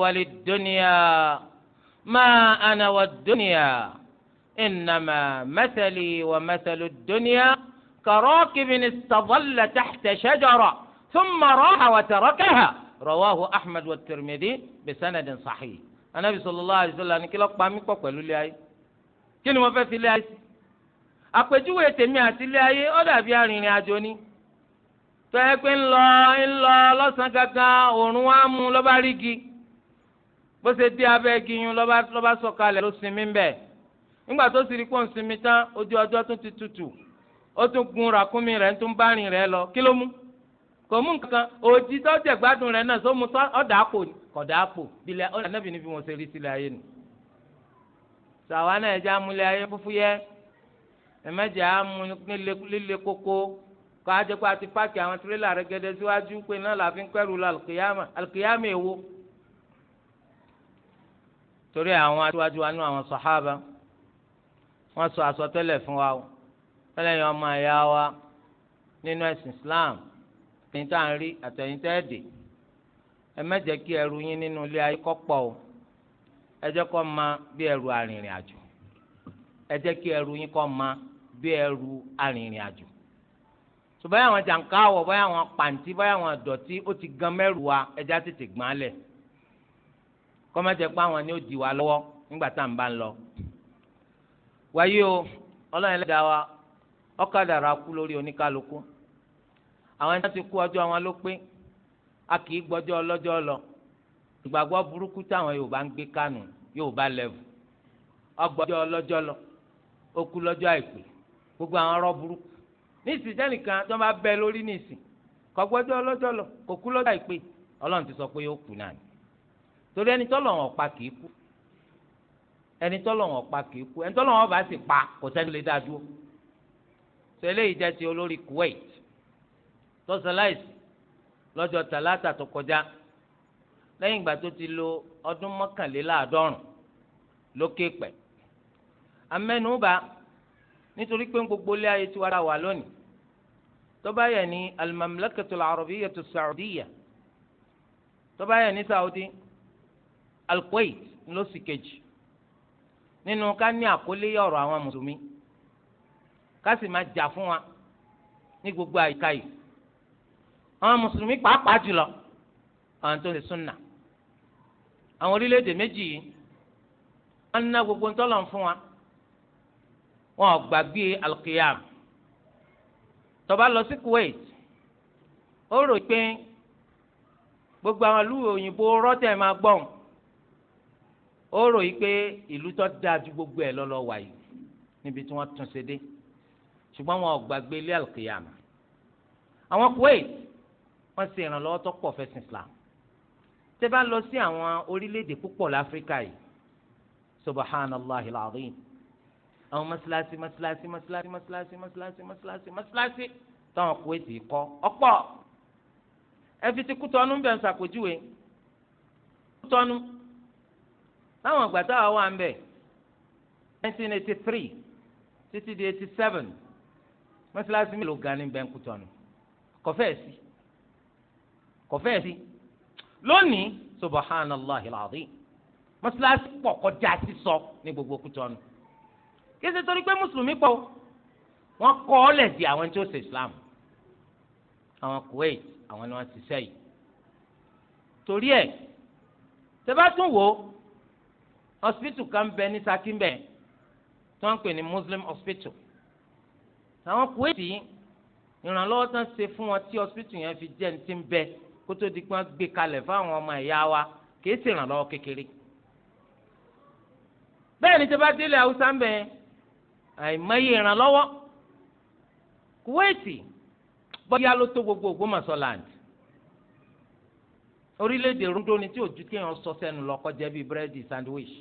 Speaker 1: wali dunya ma ana wa dunya innama mathali wa mathalu كراكب استظل تحت شجرة ثم راح وتركها رواه أحمد والترمذي بسند صحيح النبي صلى الله عليه وسلم kí ló pa mí pọ̀ pẹ̀lú ilé ayé kí ni mo fẹ́ fi ilé ayé sí àpèjúwe tèmi àti ilé ayé ó dàbí arìnrìn àjò ni tọ́yẹ pé ń lọ ń lọ lọ́sàn-án gangan òórùn wa mú lọ́ba rígi bó ṣe dé abẹ́ igi yun lọ́ba lọ́ba sọ̀kalẹ̀ ló sinmi ń bẹ̀ nígbà tó sì rí pọ̀ ń sinmi tán ojú ọjọ́ tó ti tutù ó tún gun ràkúnmí rẹ̀ tún bá rìn rẹ̀ lọ kí ló mú kò mú nǹkan òjì tó jẹ gbádùn rẹ̀ náà só mu tó ọdà àpò kọdà àpò bílẹ ọdà anábì níbi wọn ṣe rí sílẹ̀ ayé nu. sàwa náà ẹja amúlẹ ayé fúfú yẹ ẹmẹjẹ amú líle koko kọ ajẹ pé a ti páàkì àwọn tirẹ́là rẹ̀ gẹ́dẹ́ síwájú pé náà la fi ń kẹ́rù lọ alùkìyàmà alùkìyàmà èwo. torí àwọn aṣíwájú wa nínú àwọn sàhábà wọ́n sọ àsọtẹ́lẹ̀ fún wa fẹlẹ́yìn ọmọ àyà wa nínú ẹ̀sìn Islam ní tá à ń rí àtẹ̀yìn tẹ́ ẹ̀dẹ̀ ẹ má jẹ́ kí ẹrù yín nínú ilé ayé kó pọ̀ o ẹ jẹ́ kó ma bí ẹrù arìnrìn àjò ẹ jẹ́ kí ẹrù yín kó ma bí ẹrù arìnrìn àjò tó báyà wọn jàǹká wọ̀ báyà wọn pàǹtí báyà wọn dọ̀tí ó ti gan mẹ́rù wa ẹja tètè gbọ́n lẹ̀ kó má jẹ́ pé àwọn ni ó di wa lọ́wọ́ nígbà tá à ń bá ń lọ wáyé o ọlọ́run ẹlẹ́dàá wa ọ̀kadà ra kú lórí oníkálukú àwọn ẹni tó ti kú ọjọ́ wọn ló pé a kì í gbọ́jọ́ ọlọ́jọ́ lọ ìgbàgbọ́ burúkú táwọn Yorùbá ń gbé kánú Yorùbá lẹ́vù ọgbọ́jọ́ ọlọ́jọ́ lọ ó kú lọ́jọ́ àìpé gbogbo àwọn ọ̀rọ̀ burúkú ní ìsìtẹ́ nìkan tó bá bẹ lórí nìsín kò gbọ́jọ́ ọlọ́jọ́ lọ kò kú lọ́jọ́ àìpé Ọlọ́run ti sọ pé ó kú náà ni torí ẹni tọ́lọ̀ wọn pa kì í kú ẹni tọ́lọ̀ wọn pa kì í kú ẹni tọ́lọ̀ wọn bá sì pa kò sẹ́ni lè dá dúró sọ eléyìí jẹ́ ti olórí Kuwait tọ́sánláìsì lọ́jọ́ tàlátà tó kọjá lẹ́yìn ìgbà tó ti lo ọdún mọ́kànléláàádọ́rùn lókè pẹ̀ amẹ́nubà nítorí pé gbogbo ilé ayé tiwa ra wà lónìí tó bá yẹ ní al-Mamlakatul Arabiyyatu Saudiya tó bá yẹ Saudi al-Kuwait ló sì kejì nínú ká ní àkólé ọ̀rọ̀ àwọn mùsùlùmí ká sì máa jà fún wa ní gbogbo àyíká yìí àwọn mùsùlùmí pàápàá jùlọ àwọn tó lè súnà àwọn orílẹ̀-èdè méjì yìí wọ́n ná gbogbo ńtọ́lọ̀ fún wa wọn ò gbàgbé alqiyam tó bá lọ sí Kuwait ó rò pé gbogbo àwọn ìlú òyìnbó rọ́tẹ̀ máa gbọ́n ó rò yìí pé ìlú tó dáa ju gbogbo ẹ̀ lọ́lọ́ wà níbi tí wọ́n tún ṣe dé ṣùgbọ́n wọn ò gbàgbé ilé alkiyama àwọn Kuwait wọ́n ṣe ìrànlọ́wọ́ tó pọ̀ fẹ́sìn Islam tẹ́ bá lọ sí àwọn orílẹ̀-èdè púpọ̀ láfíríkà yìí subhanallah alazim àwọn mọ́sálásí mọ́sálásí mọ́sálásí mọ́sálásí mọ́sálásí mọ́sálásí mọ́sálásí táwọn Kuwait yìí kọ́ ọ̀pọ̀ ẹ fi ti Kútọ́nù bẹ̀ ń ṣàpèjúwe Kútọ́nù táwọn àgbàtà wà wà ń bẹ̀ 1983 títí di 87 mọ́sálásí mélòó gan ní bẹ́ńkù tọ́nu kọfẹ́ sí kọfẹ́ sí lónìí subahánàláhi làdí mọ́sálásí pọ̀ kọjá sísọ ní gbogbo kútọ́nu kí ṣe torí pé mùsùlùmí pọ̀ wọ́n kọ́ ọ lẹ̀ di àwọn tí ó ṣe islam àwọn kuwait àwọn ni wọ́n ti sẹ́ torí ẹ̀ tẹ́bá tún hospital kan bẹ ní sakínbẹ̀ tí wọ́n ń pè ní muslim hospital àwọn kuwaiti ìrànlọ́wọ́ tán ṣe fún wọn tí hospital yẹn fi jẹ́ ní ti ń bẹ kó tó di pé wọ́n gbé kalẹ̀ fáwọn ọmọ ẹ̀yà wa kì í sì ìrànlọ́wọ́ kékeré. bẹ́ẹ̀ ni tẹ́bá délé haúsá ń bẹ àìmọye ìrànlọ́wọ́ kuwaiti bọ́yá ló tó gbogbo Ògbómọ̀ṣọ́ land orílẹ̀-èdè rúndó ni tí òjú kéèyàn sọ sẹ́nu lọ kọjá bíi búrẹ́dì sandwich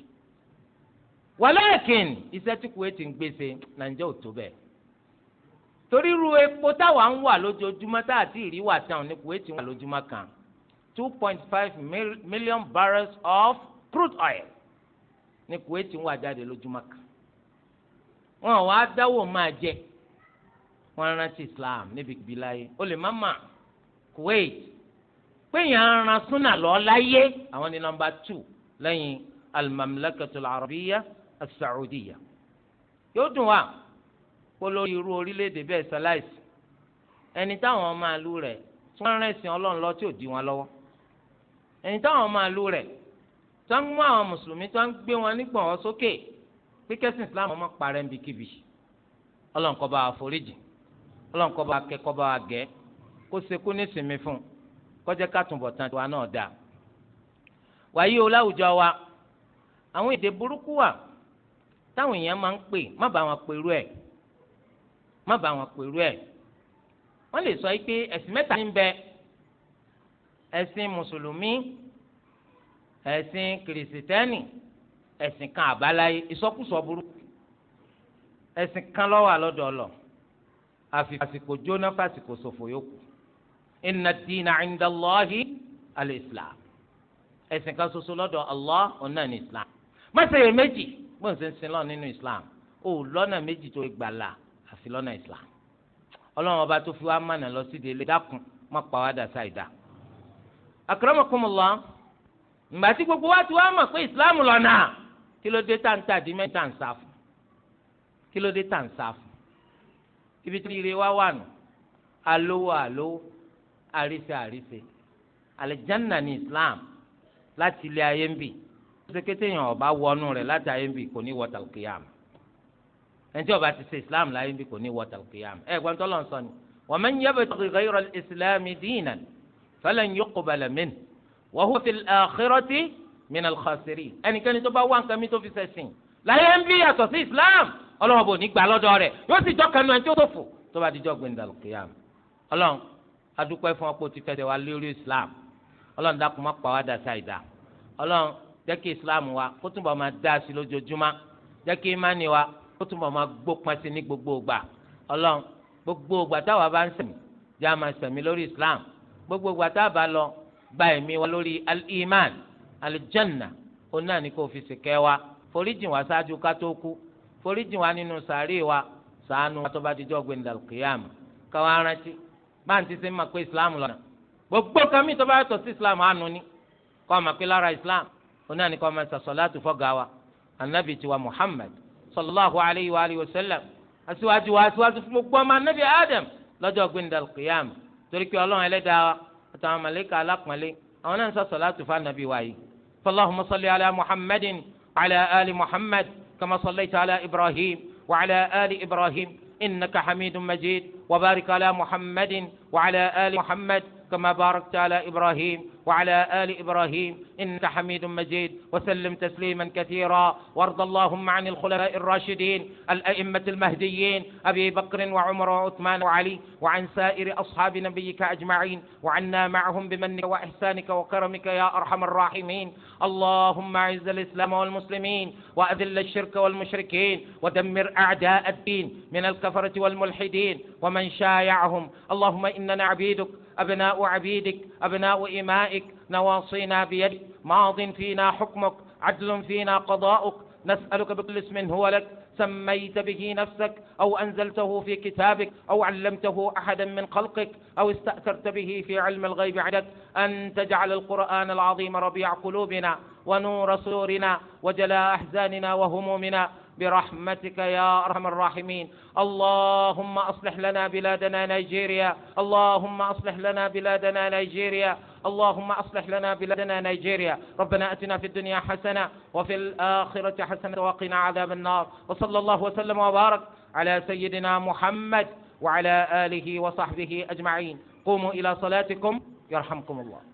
Speaker 1: wàlẹ́kìn iṣẹ́ tí kuwaiti ń gbèsè nàìjíríà ò bẹ́ẹ̀ torí ru epo táwa ń wà lójoojúmọ́ tá àti ìrí wà tán ní Kuwaiti wà lójúmọ́ kan two point five million barrels of crude oil ní Kuwaiti wà jáde lójúmọ́ kan wọn wàá dáwọ́ máa jẹ wọn rántí Islam níbi ibi láyé o Kuwait péyàn aran súnà lọ láyé àwọn ní nọ́mbà two lẹ́yìn al-Mamlakatul Arabiya as-Saudiya yóò dùn wá polórí irú orílẹ̀-èdè bẹ́ẹ̀ sáláìsì ẹni táwọn ọmọ àlú rẹ̀ tí wọ́n rẹ̀sìn ọlọ́run lọ tí ò di wọn lọ́wọ́ ẹni táwọn ọmọ àlú rẹ̀ tí wọ́n mú àwọn mùsùlùmí tí wọ́n gbé wọn nígbọ̀n wọn sókè pé kẹ́sìn islam ọmọ parẹ́ níbikíbi ọlọ́run kó bá wa foríjì ọlọ́run kó bá wa kẹ́ kó bá wa gẹ́ kó sekú ní sinmi fún kó jẹ́ tiwa náà dáa má bá wọn pẹ̀lú ẹ̀ wọ́n lè sọ pé ẹ̀sìn mẹ́ta ní bẹ ẹ̀sìn mùsùlùmí ẹ̀sìn kìrìsìtẹ́nì ẹ̀sìn kan àbáláyé ìsọkúsọ burúkú ẹ̀sìn kan lọ́wọ́ àlọ́dọ̀ ọlọ́ọ̀ àsìkò jóná fásìkò ṣòfò yòókù inna diina inda allahi alislam ẹ̀sìn kan ṣoṣo lọ́dọ̀ allah ọ̀nà ní islam má ṣe yẹ méjì bó ń ṣe ń sin lọ nínú islam ó lọ́nà méjì tó gbà là àti lọ́nà islam ọlọ́run ọba tó fi wá mànà lọ sí délé dákun má pa wá dàsá ìdá. akramakumullah ìgbà tí gbogbo wa ti wá mọ̀ pé islam lọ́nà kí ló dé tá n tàdí mẹ́ tá n sá fún kí ló dé tá n sá fún ibi tí ire wa wà nù alówó alówó àríṣe àríṣe àlìjánà ní islam láti ilé ayé ń bì ó ṣe kété yẹn ọba wọnú rẹ̀ láti ayé ń bì kò ní wọ́tà òkè yàmù ẹni tí ó bá ti ṣe islam láyé bí kò ní wọ tàlùkìyàmù ẹ gbọ́n tọ́lọ̀ ń sọ ni wa man yabtaghi ghayra al-islami dinan falan yuqbala minhu wa huwa fil akhirati minal khasirin ẹnikẹ́ni tó bá wá nǹkan mi tó fi ṣẹ̀sìn láyé ń bí yàtọ̀ sí islam ọlọ́run bò ní gbà lọ́dọ̀ rẹ̀ yóò sì jọ́ kanu ẹni tó tó fò tó bá dijọ́ gbẹ̀ndà lùkìyàmù ọlọ́run adúpẹ́ fún ọ̀pọ̀ ti fẹsẹ̀ wa lórí islam jẹ́ kí islam wa kó túnbọ̀ máa dá sí lójoojúmọ́ jẹ́ kí imáni wa ó túnbọ̀ máa gbópọn sí ní gbogbo ìgbà ọlọ́run gbogbo ìgbà táwa bá ń sẹ̀mí já máa sẹ̀mí lórí islam gbogbo ìgbà tá a bá lọ gba ẹ̀mí wa lórí al-iman al-janna òun náà ni kò fi sìkẹ́ wa foríjìn wa ṣáájú ká tó kú foríjìn wa nínú sàárè wa ṣàánú wa tó bá dijọ́ gbẹ̀ndàlùkìyàmù káwa rántí báńtí sí máa pé islam lọ́nà gbogbo kami tó bá yàtọ̀ sí islam àánú ni kọ́ ọ máa pé lára islam òun náà ni kọ́ ọ máa ṣàṣọ̀látù fọ́gà wa anabi tiwa muhammad sallallahu alayhi wa alihi wa sallam aṣíwájú wa aṣíwájú fún gbogbo ọmọ anabi adam lọ́jọ́ gbẹndàl qiyam torí pé Ọlọ́run Ẹlẹ́dàá wa àtàwọn màláíkà alápọ̀nlé àwọn náà ń sọ sọláàtù fún anabi wa yìí fallahumma salli ala muhammadin ala ali muhammad kama sallaita ala ibrahim wa ala ali ibrahim innaka hamidun majid wa barik ala muhammadin wa ala ali muhammad. كما باركت على إبراهيم وعلى آل إبراهيم إنك حميد مجيد وسلم تسليما كثيرا وارض اللهم عن الخلفاء الراشدين الأئمة المهديين أبي بكر وعمر وعثمان وعلي وعن سائر أصحاب نبيك أجمعين وعنا معهم بمنك وإحسانك وكرمك يا أرحم الراحمين اللهم أعز الإسلام والمسلمين وأذل الشرك والمشركين ودمر أعداء الدين من الكفرة والملحدين ومن شايعهم اللهم إننا عبيدك أبناء عبيدك أبناء إمائك نواصينا بيدك ماض فينا حكمك عدل فينا قضاؤك نسألك بكل اسم هو لك سميت به نفسك أو أنزلته في كتابك أو علمته أحدا من خلقك أو استأثرت به في علم الغيب عندك أن تجعل القرآن العظيم ربيع قلوبنا ونور صدورنا وجلاء أحزاننا وهمومنا برحمتك يا أرحم الراحمين اللهم أصلح لنا بلادنا نيجيريا اللهم أصلح لنا بلادنا نيجيريا اللهم أصلح لنا بلادنا نيجيريا ربنا أتنا في الدنيا حسنة وفي الآخرة حسنة وقنا عذاب النار وصلى الله وسلم وبارك على سيدنا محمد وعلى آله وصحبه أجمعين قوموا إلى صلاتكم يرحمكم الله